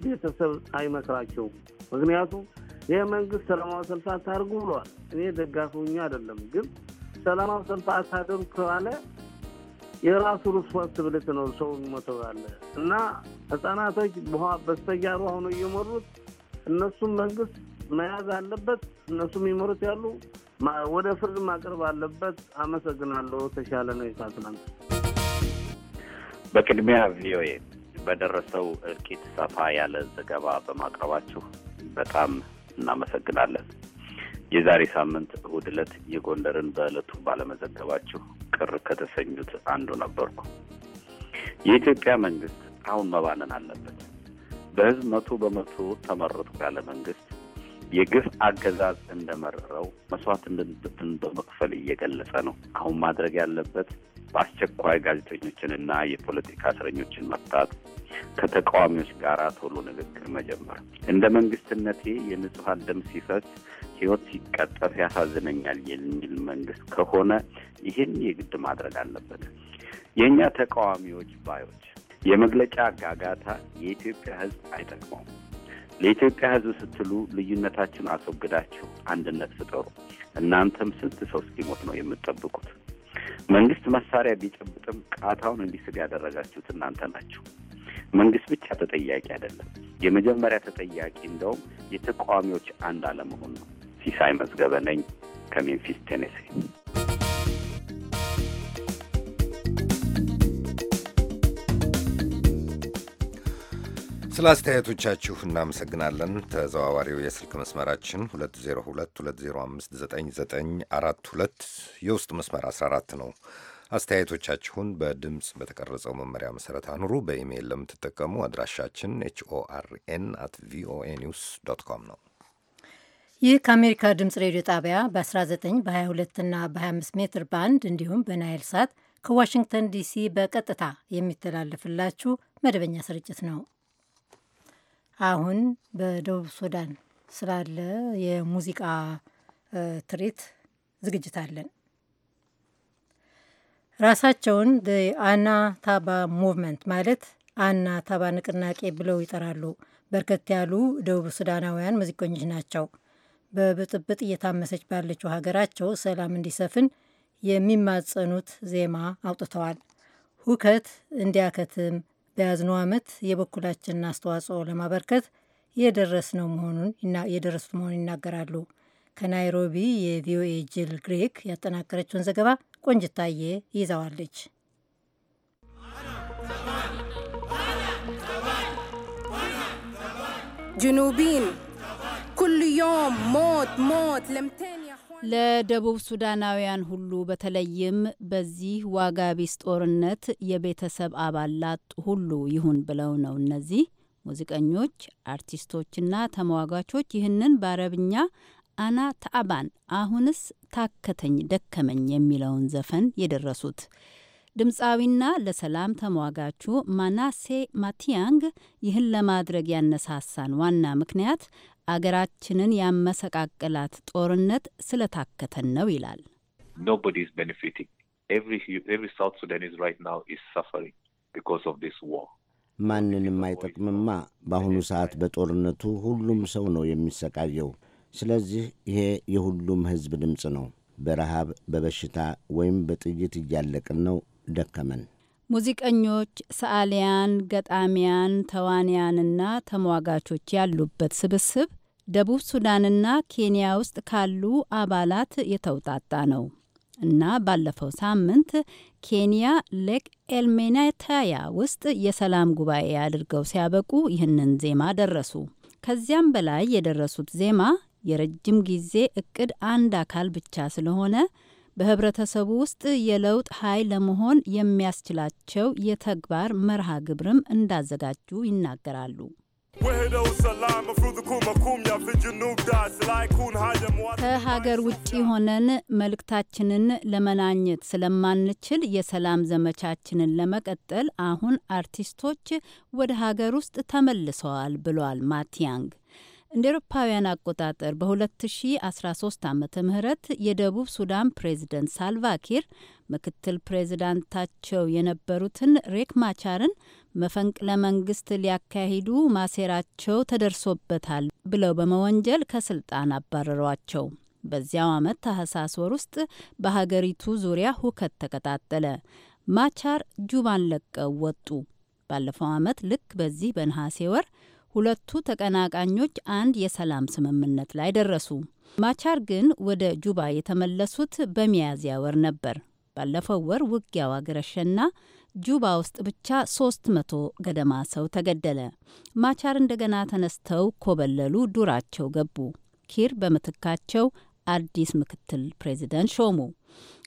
ቤተሰብ አይመክራቸውም። ምክንያቱም ይህ መንግስት ሰላማዊ ሰልፍ አታድርጉ ብለዋል። እኔ ደጋፊኛ አይደለም፣ ግን ሰላማዊ ሰልፍ አታደርጉ ከባለ የራሱ ሪስፖንስብልት ነው ሰው ሞተው ያለ እና ህጻናቶች በስተጃሩ ሆኖ እየመሩት እነሱም መንግስት መያዝ አለበት። እነሱም ይመሩት ያሉ ወደ ፍርድ ማቅረብ አለበት። አመሰግናለሁ። ተሻለ ነው የሳትናንት በቅድሚያ ቪኦኤ በደረሰው እልቂት ሰፋ ያለ ዘገባ በማቅረባችሁ በጣም እናመሰግናለን። የዛሬ ሳምንት እሁድ ዕለት የጎንደርን በዕለቱ ባለመዘገባችሁ ቅር ከተሰኙት አንዱ ነበርኩ። የኢትዮጵያ መንግስት አሁን መባነን አለበት። በህዝብ መቶ በመቶ ተመረጡ ያለ መንግስት የግፍ አገዛዝ እንደመረረው መስዋዕትነትን በመክፈል እየገለጸ ነው። አሁን ማድረግ ያለበት በአስቸኳይ ጋዜጠኞችንና የፖለቲካ እስረኞችን መፍታት፣ ከተቃዋሚዎች ጋር ቶሎ ንግግር መጀመር። እንደ መንግስትነቴ የንጹሐን ደም ሲፈስ ህይወት ሲቀጠፍ ያሳዝነኛል የሚል መንግስት ከሆነ ይህን የግድ ማድረግ አለበት። የእኛ ተቃዋሚዎች ባዮች የመግለጫ ጋጋታ የኢትዮጵያ ህዝብ አይጠቅመው። ለኢትዮጵያ ህዝብ ስትሉ ልዩነታችን አስወግዳችሁ አንድነት ፍጠሩ። እናንተም ስንት ሰው እስኪሞት ነው የምትጠብቁት? መንግስት መሳሪያ ቢጨብጥም ቃታውን እንዲስብ ያደረጋችሁት እናንተ ናችሁ። መንግስት ብቻ ተጠያቂ አይደለም። የመጀመሪያ ተጠያቂ እንደውም የተቃዋሚዎች አንድ አለመሆን ነው። ሲሳይ መዝገበ ነኝ ከሜምፊስ ቴኔሴ። ስለ አስተያየቶቻችሁ እናመሰግናለን። ተዘዋዋሪው የስልክ መስመራችን 2022059942 የውስጥ መስመር 14 ነው። አስተያየቶቻችሁን በድምፅ በተቀረጸው መመሪያ መሰረት አኑሩ። በኢሜይል ለምትጠቀሙ አድራሻችን ኤችኦአርኤን አት ቪኦኤ ኒውስ ዶት ኮም ነው። ይህ ከአሜሪካ ድምፅ ሬዲዮ ጣቢያ በ19 በ22 እና በ25 ሜትር ባንድ እንዲሁም በናይል ሳት ከዋሽንግተን ዲሲ በቀጥታ የሚተላለፍላችሁ መደበኛ ስርጭት ነው። አሁን በደቡብ ሱዳን ስላለ የሙዚቃ ትርኢት ዝግጅት አለን። ራሳቸውን አና ታባ ሙቭመንት ማለት አና ታባ ንቅናቄ ብለው ይጠራሉ። በርከት ያሉ ደቡብ ሱዳናውያን ሙዚቀኞች ናቸው። በብጥብጥ እየታመሰች ባለችው ሀገራቸው ሰላም እንዲሰፍን የሚማጸኑት ዜማ አውጥተዋል። ሁከት እንዲያከትም በያዝነው ዓመት የበኩላችንን አስተዋጽኦ ለማበርከት የደረስነው መሆኑን የደረሱት መሆኑን ይናገራሉ። ከናይሮቢ የቪኦኤ ጅል ግሬክ ያጠናቀረችውን ዘገባ ቆንጅታዬ ይዛዋለች። ጅኑቢን ኩሉ ዮም ሞት ሞት ለምቴን ለደቡብ ሱዳናውያን ሁሉ በተለይም በዚህ ዋጋ ቢስ ጦርነት የቤተሰብ አባል ላጡ ሁሉ ይሁን ብለው ነው እነዚህ ሙዚቀኞች፣ አርቲስቶችና ተሟጋቾች ይህንን በአረብኛ አና ተአባን አሁንስ ታከተኝ ደከመኝ የሚለውን ዘፈን የደረሱት። ድምፃዊና ለሰላም ተሟጋቹ ማናሴ ማቲያንግ ይህን ለማድረግ ያነሳሳን ዋና ምክንያት አገራችንን ያመሰቃቅላት ጦርነት ስለታከተን ነው ይላል። ማንንም አይጠቅምማ። በአሁኑ ሰዓት በጦርነቱ ሁሉም ሰው ነው የሚሰቃየው። ስለዚህ ይሄ የሁሉም ሕዝብ ድምፅ ነው። በረሃብ በበሽታ ወይም በጥይት እያለቅን ነው። ደከመን። ሙዚቀኞች፣ ሰዓሊያን፣ ገጣሚያን፣ ተዋንያንና ተሟጋቾች ያሉበት ስብስብ ደቡብ ሱዳንና ኬንያ ውስጥ ካሉ አባላት የተውጣጣ ነው እና ባለፈው ሳምንት ኬንያ ሌክ ኤልሜናታያ ውስጥ የሰላም ጉባኤ አድርገው ሲያበቁ ይህንን ዜማ ደረሱ። ከዚያም በላይ የደረሱት ዜማ የረጅም ጊዜ እቅድ አንድ አካል ብቻ ስለሆነ በህብረተሰቡ ውስጥ የለውጥ ኃይል ለመሆን የሚያስችላቸው የተግባር መርሃ ግብርም እንዳዘጋጁ ይናገራሉ። ከሀገር ውጭ ሆነን መልእክታችንን ለመናኘት ስለማንችል የሰላም ዘመቻችንን ለመቀጠል አሁን አርቲስቶች ወደ ሀገር ውስጥ ተመልሰዋል ብሏል ማቲያንግ። እንደ ኤሮፓውያን አቆጣጠር በ2013 ዓ ም የደቡብ ሱዳን ፕሬዝደንት ሳልቫኪር ምክትል ፕሬዝዳንታቸው የነበሩትን ሬክ ማቻርን መፈንቅለ መንግስት ሊያካሂዱ ማሴራቸው ተደርሶበታል ብለው በመወንጀል ከስልጣን አባረሯቸው። በዚያው ዓመት ታህሳስ ወር ውስጥ በሀገሪቱ ዙሪያ ሁከት ተቀጣጠለ። ማቻር ጁባን ለቀው ወጡ። ባለፈው ዓመት ልክ በዚህ በነሐሴ ወር ሁለቱ ተቀናቃኞች አንድ የሰላም ስምምነት ላይ ደረሱ። ማቻር ግን ወደ ጁባ የተመለሱት በሚያዝያ ወር ነበር። ባለፈው ወር ውጊያው አገረሸና ጁባ ውስጥ ብቻ ሶስት መቶ ገደማ ሰው ተገደለ። ማቻር እንደገና ተነስተው ኮበለሉ፣ ዱራቸው ገቡ። ኪር በምትካቸው አዲስ ምክትል ፕሬዚደንት ሾሙ።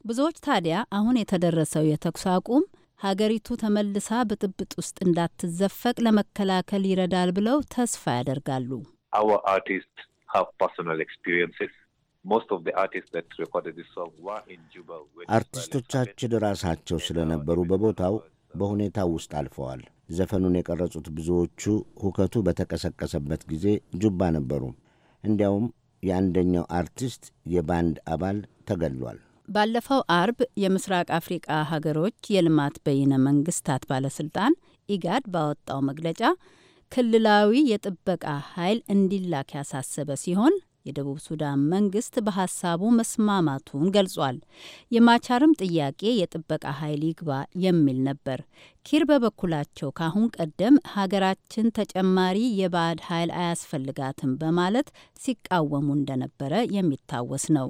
ብዙዎች ታዲያ አሁን የተደረሰው የተኩስ አቁም ሀገሪቱ ተመልሳ ብጥብጥ ውስጥ እንዳትዘፈቅ ለመከላከል ይረዳል ብለው ተስፋ ያደርጋሉ። አርቲስቶቻችን ራሳቸው ስለነበሩ በቦታው በሁኔታው ውስጥ አልፈዋል። ዘፈኑን የቀረጹት ብዙዎቹ ሁከቱ በተቀሰቀሰበት ጊዜ ጁባ ነበሩ። እንዲያውም የአንደኛው አርቲስት የባንድ አባል ተገድሏል። ባለፈው አርብ የምስራቅ አፍሪቃ ሀገሮች የልማት በይነ መንግስታት ባለስልጣን ኢጋድ ባወጣው መግለጫ ክልላዊ የጥበቃ ኃይል እንዲላክ ያሳሰበ ሲሆን የደቡብ ሱዳን መንግስት በሀሳቡ መስማማቱን ገልጿል። የማቻርም ጥያቄ የጥበቃ ኃይል ይግባ የሚል ነበር። ኪር በበኩላቸው ካሁን ቀደም ሀገራችን ተጨማሪ የባዕድ ኃይል አያስፈልጋትም በማለት ሲቃወሙ እንደነበረ የሚታወስ ነው።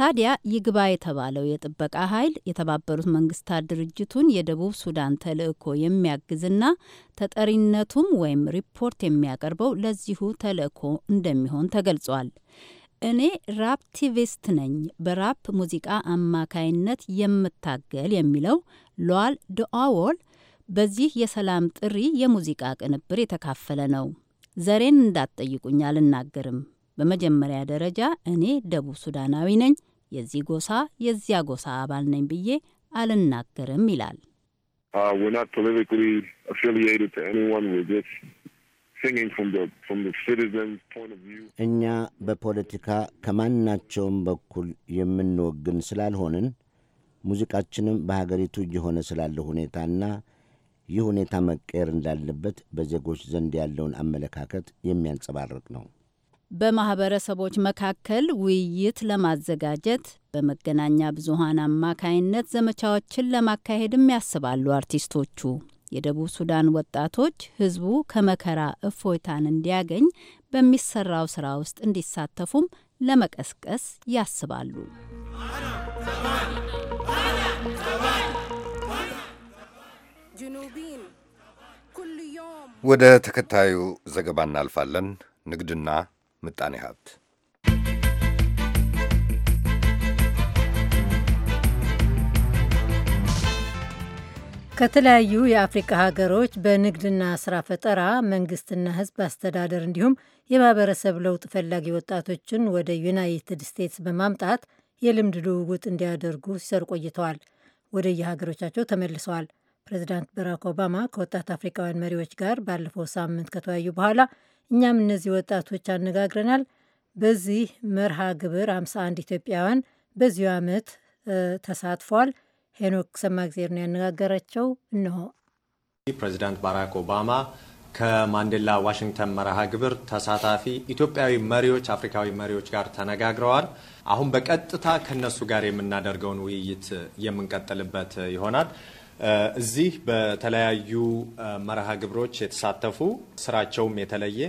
ታዲያ ይግባ የተባለው የጥበቃ ኃይል የተባበሩት መንግስታት ድርጅቱን የደቡብ ሱዳን ተልዕኮ የሚያግዝና ተጠሪነቱም ወይም ሪፖርት የሚያቀርበው ለዚሁ ተልእኮ እንደሚሆን ተገልጿል። እኔ ራፕቲቪስት ነኝ፣ በራፕ ሙዚቃ አማካይነት የምታገል የሚለው ሏል ደአወል በዚህ የሰላም ጥሪ የሙዚቃ ቅንብር የተካፈለ ነው። ዘሬን እንዳትጠይቁኝ አልናገርም። በመጀመሪያ ደረጃ እኔ ደቡብ ሱዳናዊ ነኝ፣ የዚህ ጎሳ የዚያ ጎሳ አባል ነኝ ብዬ አልናገርም ይላል። Uh, we're not politically affiliated to anyone. We're just singing from the, from the citizens' point of view. እኛ በፖለቲካ ከማናቸውም በኩል የምንወግን ስላልሆንን ሙዚቃችንም በሀገሪቱ እየሆነ ስላለ ሁኔታና ይህ ሁኔታ መቀየር እንዳለበት በዜጎች ዘንድ ያለውን አመለካከት የሚያንጸባርቅ ነው። በማህበረሰቦች መካከል ውይይት ለማዘጋጀት በመገናኛ ብዙኃን አማካይነት ዘመቻዎችን ለማካሄድም ያስባሉ አርቲስቶቹ። የደቡብ ሱዳን ወጣቶች ህዝቡ ከመከራ እፎይታን እንዲያገኝ በሚሰራው ስራ ውስጥ እንዲሳተፉም ለመቀስቀስ ያስባሉ። ወደ ተከታዩ ዘገባ እናልፋለን። ንግድና ምጣኔ ሀብት ከተለያዩ የአፍሪካ ሀገሮች በንግድና ስራ ፈጠራ መንግስትና ህዝብ አስተዳደር እንዲሁም የማህበረሰብ ለውጥ ፈላጊ ወጣቶችን ወደ ዩናይትድ ስቴትስ በማምጣት የልምድ ልውውጥ እንዲያደርጉ ሲሰሩ ቆይተዋል። ወደ የሀገሮቻቸው ተመልሰዋል። ፕሬዚዳንት ባራክ ኦባማ ከወጣት አፍሪካውያን መሪዎች ጋር ባለፈው ሳምንት ከተወያዩ በኋላ እኛም እነዚህ ወጣቶች አነጋግረናል። በዚህ መርሃ ግብር 51 ኢትዮጵያውያን በዚሁ ዓመት ተሳትፏል። ሄኖክ ሰማግዜር ነው ያነጋገራቸው። እነሆ ፕሬዚዳንት ባራክ ኦባማ ከማንዴላ ዋሽንግተን መርሃ ግብር ተሳታፊ ኢትዮጵያዊ መሪዎች፣ አፍሪካዊ መሪዎች ጋር ተነጋግረዋል። አሁን በቀጥታ ከነሱ ጋር የምናደርገውን ውይይት የምንቀጥልበት ይሆናል። እዚህ በተለያዩ መርሃ ግብሮች የተሳተፉ ስራቸውም የተለየ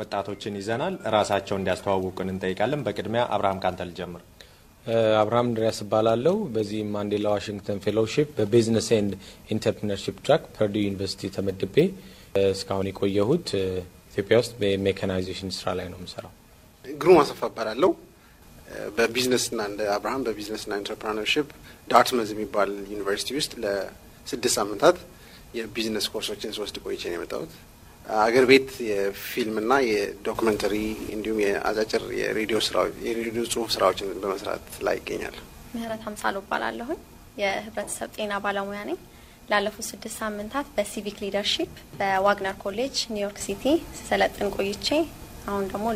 ወጣቶችን ይዘናል። ራሳቸው እንዲያስተዋውቁን እንጠይቃለን። በቅድሚያ አብርሃም ካንተ ልጀምር። አብርሃም ንድሪያስ እባላለሁ። በዚህ ማንዴላ ዋሽንግተን ፌሎውሺፕ በቢዝነስ ኤንድ ኢንተርፕሪነርሺፕ ትራክ ፐርዲ ዩኒቨርሲቲ ተመድቤ እስካሁን የቆየሁት ኢትዮጵያ ውስጥ በሜካናይዜሽን ስራ ላይ ነው የምሰራው። ግሩም አሰፋ እባላለሁ። በቢዝነስና እንደ አብርሃም በቢዝነስና ኢንተርፕሪነርሺፕ ዳርትመዝ የሚባል ዩኒቨርሲቲ ውስጥ ስድስት ሳምንታት የቢዝነስ ኮርሶችን ስወስድ ቆይቼ ነው የመጣሁት። አገር ቤት የፊልምና የዶክመንተሪ እንዲሁም የአጫጭር የሬዲዮ የሬዲዮ ጽሁፍ ስራዎችን በመስራት ላይ ይገኛል። ምህረት አምሳሎ እባላለሁኝ። የህብረተሰብ ጤና ባለሙያ ነኝ። ላለፉት ስድስት ሳምንታት በሲቪክ ሊደርሺፕ በዋግነር ኮሌጅ ኒውዮርክ ሲቲ ስሰለጥን ቆይቼ አሁን ደግሞ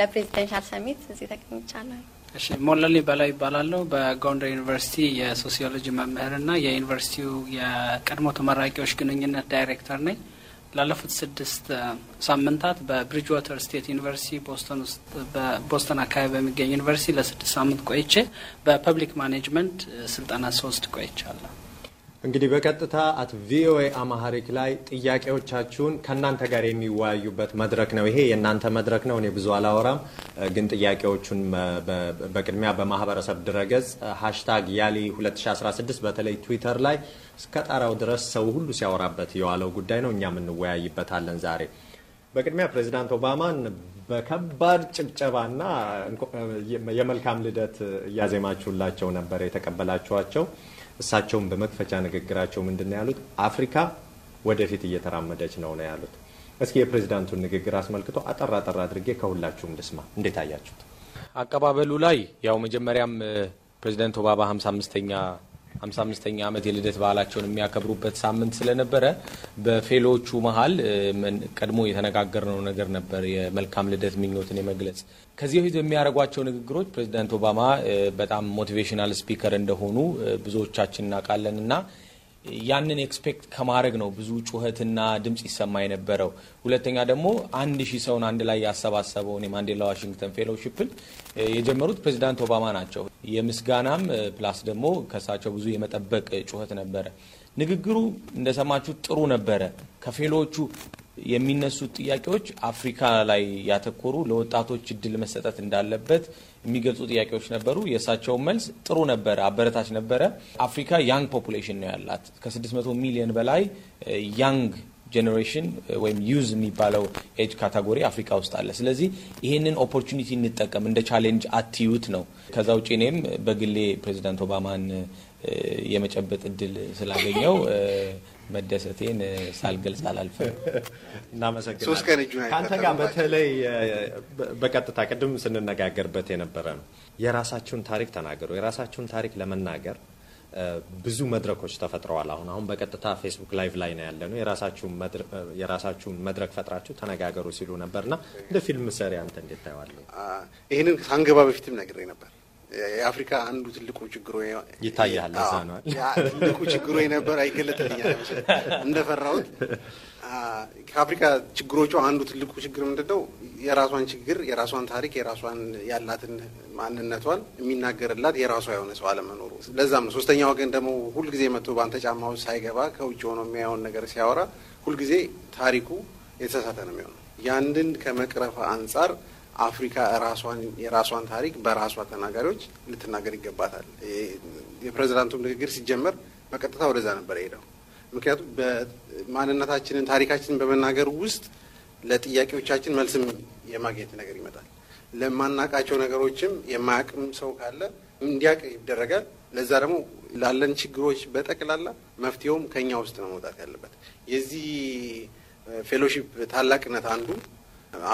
ለፕሬዚደንሻል ሰሚት እዚህ ተገኝቻለሁ። እሺ ሞላሊ በላይ ይባላለሁ። በጎንደር ዩኒቨርሲቲ የሶሲዮሎጂ መምህርና የዩኒቨርሲቲው የቀድሞ ተመራቂዎች ግንኙነት ዳይሬክተር ነኝ። ላለፉት ስድስት ሳምንታት በብሪጅ ዋተር ስቴት ዩኒቨርሲቲ ቦስተን ውስጥ በቦስተን አካባቢ በሚገኝ ዩኒቨርሲቲ ለስድስት ሳምንት ቆይቼ በፐብሊክ ማኔጅመንት ስልጠና ሶስት ቆይቻለሁ። እንግዲህ በቀጥታ አት ቪኦኤ አማሐሪክ ላይ ጥያቄዎቻችሁን ከእናንተ ጋር የሚወያዩበት መድረክ ነው። ይሄ የእናንተ መድረክ ነው። እኔ ብዙ አላወራም፣ ግን ጥያቄዎቹን በቅድሚያ በማህበረሰብ ድረገጽ ሃሽታግ ያሊ 2016 በተለይ ትዊተር ላይ እስከ ጣራው ድረስ ሰው ሁሉ ሲያወራበት የዋለው ጉዳይ ነው። እኛም እንወያይበታለን ዛሬ በቅድሚያ ፕሬዚዳንት ኦባማን በከባድ ጭብጨባና የመልካም ልደት እያዜማችሁላቸው ነበር የተቀበላችኋቸው። እሳቸውም በመክፈቻ ንግግራቸው ምንድን ነው ያሉት? አፍሪካ ወደፊት እየተራመደች ነው ነው ያሉት። እስኪ የፕሬዚዳንቱን ንግግር አስመልክቶ አጠር አጠር አድርጌ ከሁላችሁም ልስማ። እንዴት አያችሁት? አቀባበሉ ላይ ያው መጀመሪያም ፕሬዚደንት ኦባማ 55ኛ 55ኛ ዓመት የልደት በዓላቸውን የሚያከብሩበት ሳምንት ስለነበረ በፌሎቹ መሀል ቀድሞ የተነጋገርነው ነገር ነበር፣ የመልካም ልደት ምኞትን የመግለጽ። ከዚህ በፊት በሚያደርጓቸው ንግግሮች ፕሬዚዳንት ኦባማ በጣም ሞቲቬሽናል ስፒከር እንደሆኑ ብዙዎቻችን እናውቃለን እና ያንን ኤክስፔክት ከማድረግ ነው ብዙ ጩኸትና ድምጽ ይሰማ የነበረው። ሁለተኛ ደግሞ አንድ ሺህ ሰውን አንድ ላይ ያሰባሰበውን የማንዴላ ዋሽንግተን ፌሎውሺፕን የጀመሩት ፕሬዚዳንት ኦባማ ናቸው። የምስጋናም ፕላስ ደግሞ ከሳቸው ብዙ የመጠበቅ ጩኸት ነበረ። ንግግሩ እንደሰማችሁ ጥሩ ነበረ። ከፌሎዎቹ የሚነሱት ጥያቄዎች አፍሪካ ላይ ያተኮሩ፣ ለወጣቶች እድል መሰጠት እንዳለበት የሚገልጹ ጥያቄዎች ነበሩ። የእሳቸው መልስ ጥሩ ነበረ፣ አበረታች ነበረ። አፍሪካ ያንግ ፖፑሌሽን ነው ያላት ከ600 ሚሊዮን በላይ ያንግ ጄኔሬሽን ወይም ዩዝ የሚባለው ኤጅ ካታጎሪ አፍሪካ ውስጥ አለ። ስለዚህ ይህንን ኦፖርቹኒቲ እንጠቀም፣ እንደ ቻሌንጅ አትዩት ነው። ከዛ ውጭ እኔም በግሌ ፕሬዚዳንት ኦባማን የመጨበጥ እድል ስላገኘው መደሰቴን ሳልገልጽ አላልፈ። እናመሰግናለን። ከአንተ ጋር በተለይ በቀጥታ ቅድም ስንነጋገርበት የነበረ ነው። የራሳችሁን ታሪክ ተናገሩ። የራሳችሁን ታሪክ ለመናገር ብዙ መድረኮች ተፈጥረዋል። አሁን አሁን በቀጥታ ፌስቡክ ላይቭ ላይ ነው ያለ ነው። የራሳችሁን መድረክ ፈጥራችሁ ተነጋገሩ ሲሉ ነበርና እንደ ፊልም ሰሪ አንተ እንዴት ታየዋለህ? ይህንን ሳንገባ በፊትም ነግሬ ነበር የአፍሪካ አንዱ ትልቁ ችግሮ ይታያል። ነዋል ትልቁ ችግሮ ነበር አይገለጥልኛል እንደፈራሁት። ከአፍሪካ ችግሮቿ አንዱ ትልቁ ችግር ምንድነው? የራሷን ችግር፣ የራሷን ታሪክ፣ የራሷን ያላትን ማንነቷን የሚናገርላት የራሷ የሆነ ሰው አለመኖሩ። ለዛም ነው ሶስተኛ ወገን ደግሞ ሁልጊዜ መጥቶ በአንተ ጫማ ውስጥ ሳይገባ ከውጭ ሆኖ የሚያየውን ነገር ሲያወራ ሁልጊዜ ታሪኩ የተሳሳተ ነው የሚሆነው። ያንን ከመቅረፍ አንጻር አፍሪካ ራሷን የራሷን ታሪክ በራሷ ተናጋሪዎች ልትናገር ይገባታል። የፕሬዚዳንቱም ንግግር ሲጀመር በቀጥታ ወደዛ ነበር ሄደው። ምክንያቱም ማንነታችንን ታሪካችንን በመናገር ውስጥ ለጥያቄዎቻችን መልስም የማግኘት ነገር ይመጣል። ለማናቃቸው ነገሮችም የማያቅም ሰው ካለ እንዲያቅ ይደረጋል። ለዛ ደግሞ ላለን ችግሮች በጠቅላላ መፍትሄውም ከኛ ውስጥ ነው መውጣት ያለበት። የዚህ ፌሎሺፕ ታላቅነት አንዱ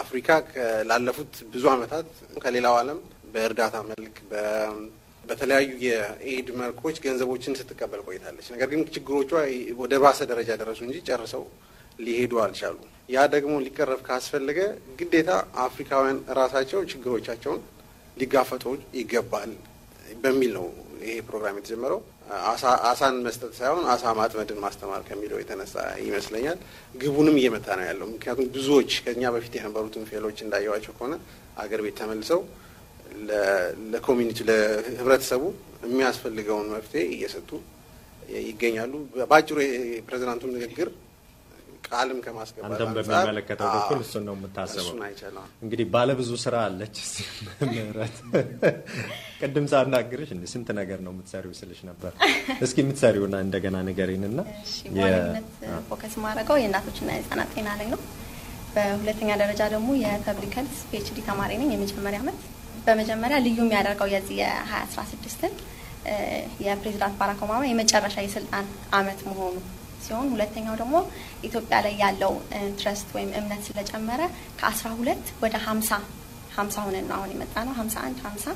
አፍሪካ ላለፉት ብዙ ዓመታት ከሌላው ዓለም በእርዳታ መልክ በተለያዩ የኤድ መልኮች ገንዘቦችን ስትቀበል ቆይታለች። ነገር ግን ችግሮቿ ወደ ባሰ ደረጃ ደረሱ እንጂ ጨርሰው ሊሄዱ አልቻሉ። ያ ደግሞ ሊቀረፍ ካስፈለገ ግዴታ አፍሪካውያን ራሳቸው ችግሮቻቸውን ሊጋፈጡ ይገባል በሚል ነው ይሄ ፕሮግራም የተጀመረው አሳን መስጠት ሳይሆን አሳ ማጥመድን ማስተማር ከሚለው የተነሳ ይመስለኛል። ግቡንም እየመታ ነው ያለው። ምክንያቱም ብዙዎች ከኛ በፊት የነበሩትን ፌሎች እንዳየዋቸው ከሆነ አገር ቤት ተመልሰው ለኮሚኒቲ ለህብረተሰቡ የሚያስፈልገውን መፍትሄ እየሰጡ ይገኛሉ። በአጭሩ የፕሬዚዳንቱም ንግግር ቃልም ከማስገባት አንተም በሚመለከተው በኩል እሱን ነው የምታስበው። እንግዲህ ባለብዙ ስራ አለች ምህረት። ቅድም ሳናግርሽ እ ስንት ነገር ነው የምትሰሪው ስልሽ ነበር። እስኪ የምትሰሪውና እንደገና ንገሪን እና ፎከስ ማድረገው የእናቶችና የህፃናት ጤና ላይ ነው። በሁለተኛ ደረጃ ደግሞ የፐብሊክ ሄልት ፒኤችዲ ተማሪ ነኝ፣ የመጀመሪያ ዓመት። በመጀመሪያ ልዩ የሚያደርገው የዚህ የ2016ን የፕሬዚዳንት ባራክ ኦባማ የመጨረሻ የስልጣን አመት መሆኑ ሲሆን ሁለተኛው ደግሞ ኢትዮጵያ ላይ ያለው ኢንትረስት ወይም እምነት ስለጨመረ ከ12 ወደ 50 50 ሆነን ነው አሁን የመጣ ነው 51 50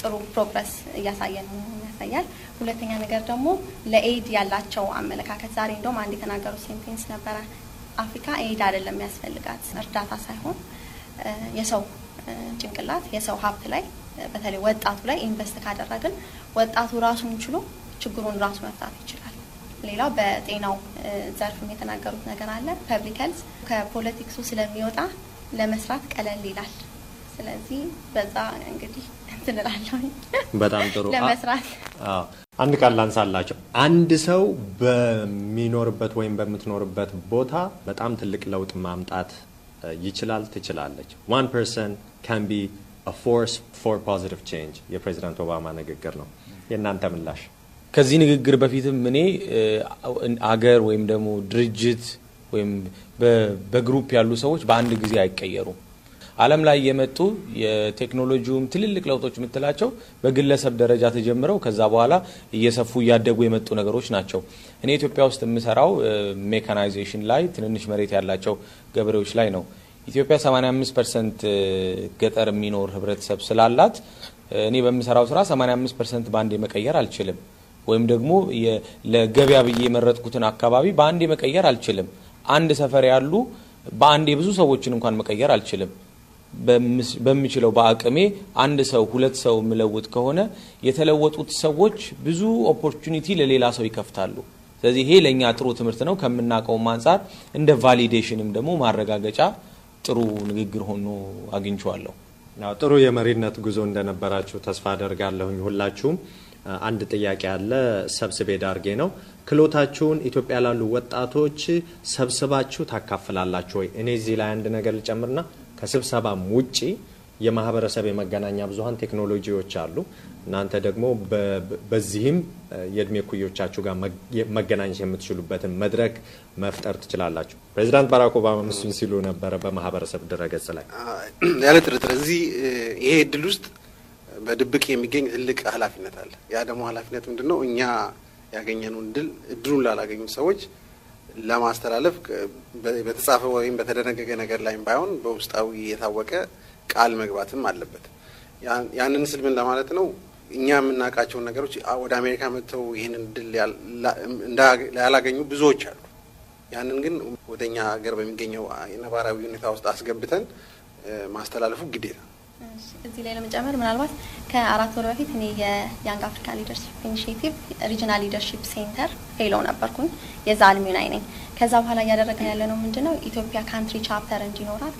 ጥሩ ፕሮግረስ እያሳየን ያሳያል። ሁለተኛ ነገር ደግሞ ለኤድ ያላቸው አመለካከት ዛሬ እንደውም አንድ የተናገሩት ሴንቴንስ ነበረ። አፍሪካ ኤድ አይደለም የሚያስፈልጋት እርዳታ ሳይሆን የሰው ጭንቅላት የሰው ሀብት ላይ በተለይ ወጣቱ ላይ ኢንቨስት ካደረግን ወጣቱ ራሱን ችሎ ችግሩን ራሱ መፍታት ይችላል። ሌላው በጤናው ዘርፍም የተናገሩት ነገር አለ። ፐብሊክ ሄልዝ ከፖለቲክሱ ስለሚወጣ ለመስራት ቀለል ይላል። ስለዚህ በዛ እንግዲህ እንትንላለሁ። በጣም ጥሩ ለመስራት አንድ ቃል ላንሳላቸው። አንድ ሰው በሚኖርበት ወይም በምትኖርበት ቦታ በጣም ትልቅ ለውጥ ማምጣት ይችላል፣ ትችላለች። ዋን ፐርሰን ካን ቢ ፎርስ ፎር ፖዚቲቭ ቼንጅ የፕሬዚዳንት ኦባማ ንግግር ነው። የእናንተ ምላሽ? ከዚህ ንግግር በፊትም እኔ አገር ወይም ደግሞ ድርጅት ወይም በግሩፕ ያሉ ሰዎች በአንድ ጊዜ አይቀየሩም። ዓለም ላይ የመጡ የቴክኖሎጂውም ትልልቅ ለውጦች የምትላቸው በግለሰብ ደረጃ ተጀምረው ከዛ በኋላ እየሰፉ እያደጉ የመጡ ነገሮች ናቸው። እኔ ኢትዮጵያ ውስጥ የምሰራው ሜካናይዜሽን ላይ ትንንሽ መሬት ያላቸው ገበሬዎች ላይ ነው። ኢትዮጵያ 85 ፐርሰንት ገጠር የሚኖር ህብረተሰብ ስላላት እኔ በምሰራው ስራ 85 ፐርሰንት በአንድ መቀየር አልችልም። ወይም ደግሞ ለገበያ ብዬ የመረጥኩትን አካባቢ በአንዴ መቀየር አልችልም። አንድ ሰፈር ያሉ በአንዴ ብዙ ሰዎችን እንኳን መቀየር አልችልም። በምችለው በአቅሜ አንድ ሰው ሁለት ሰው የምለውጥ ከሆነ የተለወጡት ሰዎች ብዙ ኦፖርቹኒቲ ለሌላ ሰው ይከፍታሉ። ስለዚህ ይሄ ለእኛ ጥሩ ትምህርት ነው። ከምናውቀውም አንጻር እንደ ቫሊዴሽንም ደግሞ ማረጋገጫ ጥሩ ንግግር ሆኖ አግኝቸዋለሁ። ጥሩ የመሪነት ጉዞ እንደነበራችሁ ተስፋ አደርጋለሁኝ ሁላችሁም። አንድ ጥያቄ አለ። ሰብስቤ ዳርጌ ነው። ክሎታችሁን ኢትዮጵያ ላሉ ወጣቶች ሰብስባችሁ ታካፍላላችሁ ወይ? እኔ እዚህ ላይ አንድ ነገር ልጨምርና ከስብሰባም ውጪ የማህበረሰብ የመገናኛ ብዙሀን ቴክኖሎጂዎች አሉ። እናንተ ደግሞ በዚህም የእድሜ ኩዮቻችሁ ጋር መገናኘት የምትችሉበትን መድረክ መፍጠር ትችላላችሁ። ፕሬዚዳንት ባራክ ኦባማ ምስን ሲሉ ነበረ በማህበረሰብ ድረገጽ ላይ ያለ ጥርጥር እዚህ ይሄ እድል ውስጥ በድብቅ የሚገኝ ትልቅ ኃላፊነት አለ። ያ ደግሞ ኃላፊነት ምንድን ነው? እኛ ያገኘነውን ድል እድሉን ላላገኙ ሰዎች ለማስተላለፍ በተጻፈ ወይም በተደነገገ ነገር ላይም ባይሆን በውስጣዊ የታወቀ ቃል መግባትም አለበት። ያንን ስል ምን ለማለት ነው? እኛ የምናውቃቸውን ነገሮች ወደ አሜሪካ መጥተው ይህንን ድል ያላገኙ ብዙዎች አሉ። ያንን ግን ወደ እኛ ሀገር በሚገኘው ነባራዊ ሁኔታ ውስጥ አስገብተን ማስተላለፉ ግዴታ እዚህ ላይ ለመጨመር ምናልባት ከአራት ወር በፊት እኔ የያንግ አፍሪካ ሊደርሽፕ ኢኒሽቲቭ ሪጅናል ሊደርሽፕ ሴንተር ፌሎ ነበርኩኝ። የዛ አልሚናይ ነኝ። ከዛ በኋላ እያደረግን ያለ ነው ምንድን ነው ኢትዮጵያ ካንትሪ ቻፕተር እንዲኖራት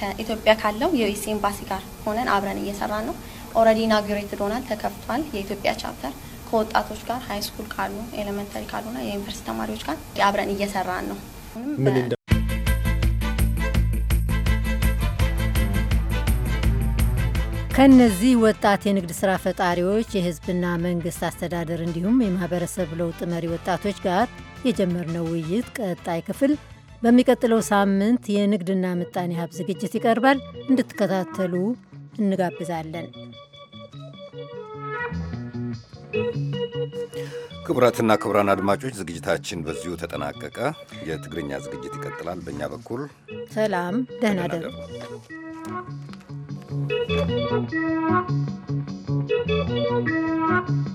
ከኢትዮጵያ ካለው የዩኤስ ኤምባሲ ጋር ሆነን አብረን እየሰራን ነው። ኦልሬዲ ኢናጉሬትድ ሆናል፣ ተከፍቷል። የኢትዮጵያ ቻፕተር ከወጣቶች ጋር ሀይ ስኩል ካሉ ኤሌመንተሪ ካሉና የዩኒቨርሲቲ ተማሪዎች ጋር አብረን እየሰራን ነው። ምን ከነዚህ ወጣት የንግድ ስራ ፈጣሪዎች የህዝብና መንግሥት አስተዳደር እንዲሁም የማኅበረሰብ ለውጥ መሪ ወጣቶች ጋር የጀመርነው ውይይት ቀጣይ ክፍል በሚቀጥለው ሳምንት የንግድና ምጣኔ ሀብት ዝግጅት ይቀርባል። እንድትከታተሉ እንጋብዛለን። ክቡራትና ክቡራን አድማጮች ዝግጅታችን በዚሁ ተጠናቀቀ። የትግርኛ ዝግጅት ይቀጥላል። በእኛ በኩል ሰላም፣ ደህና ደሩ። Thank you.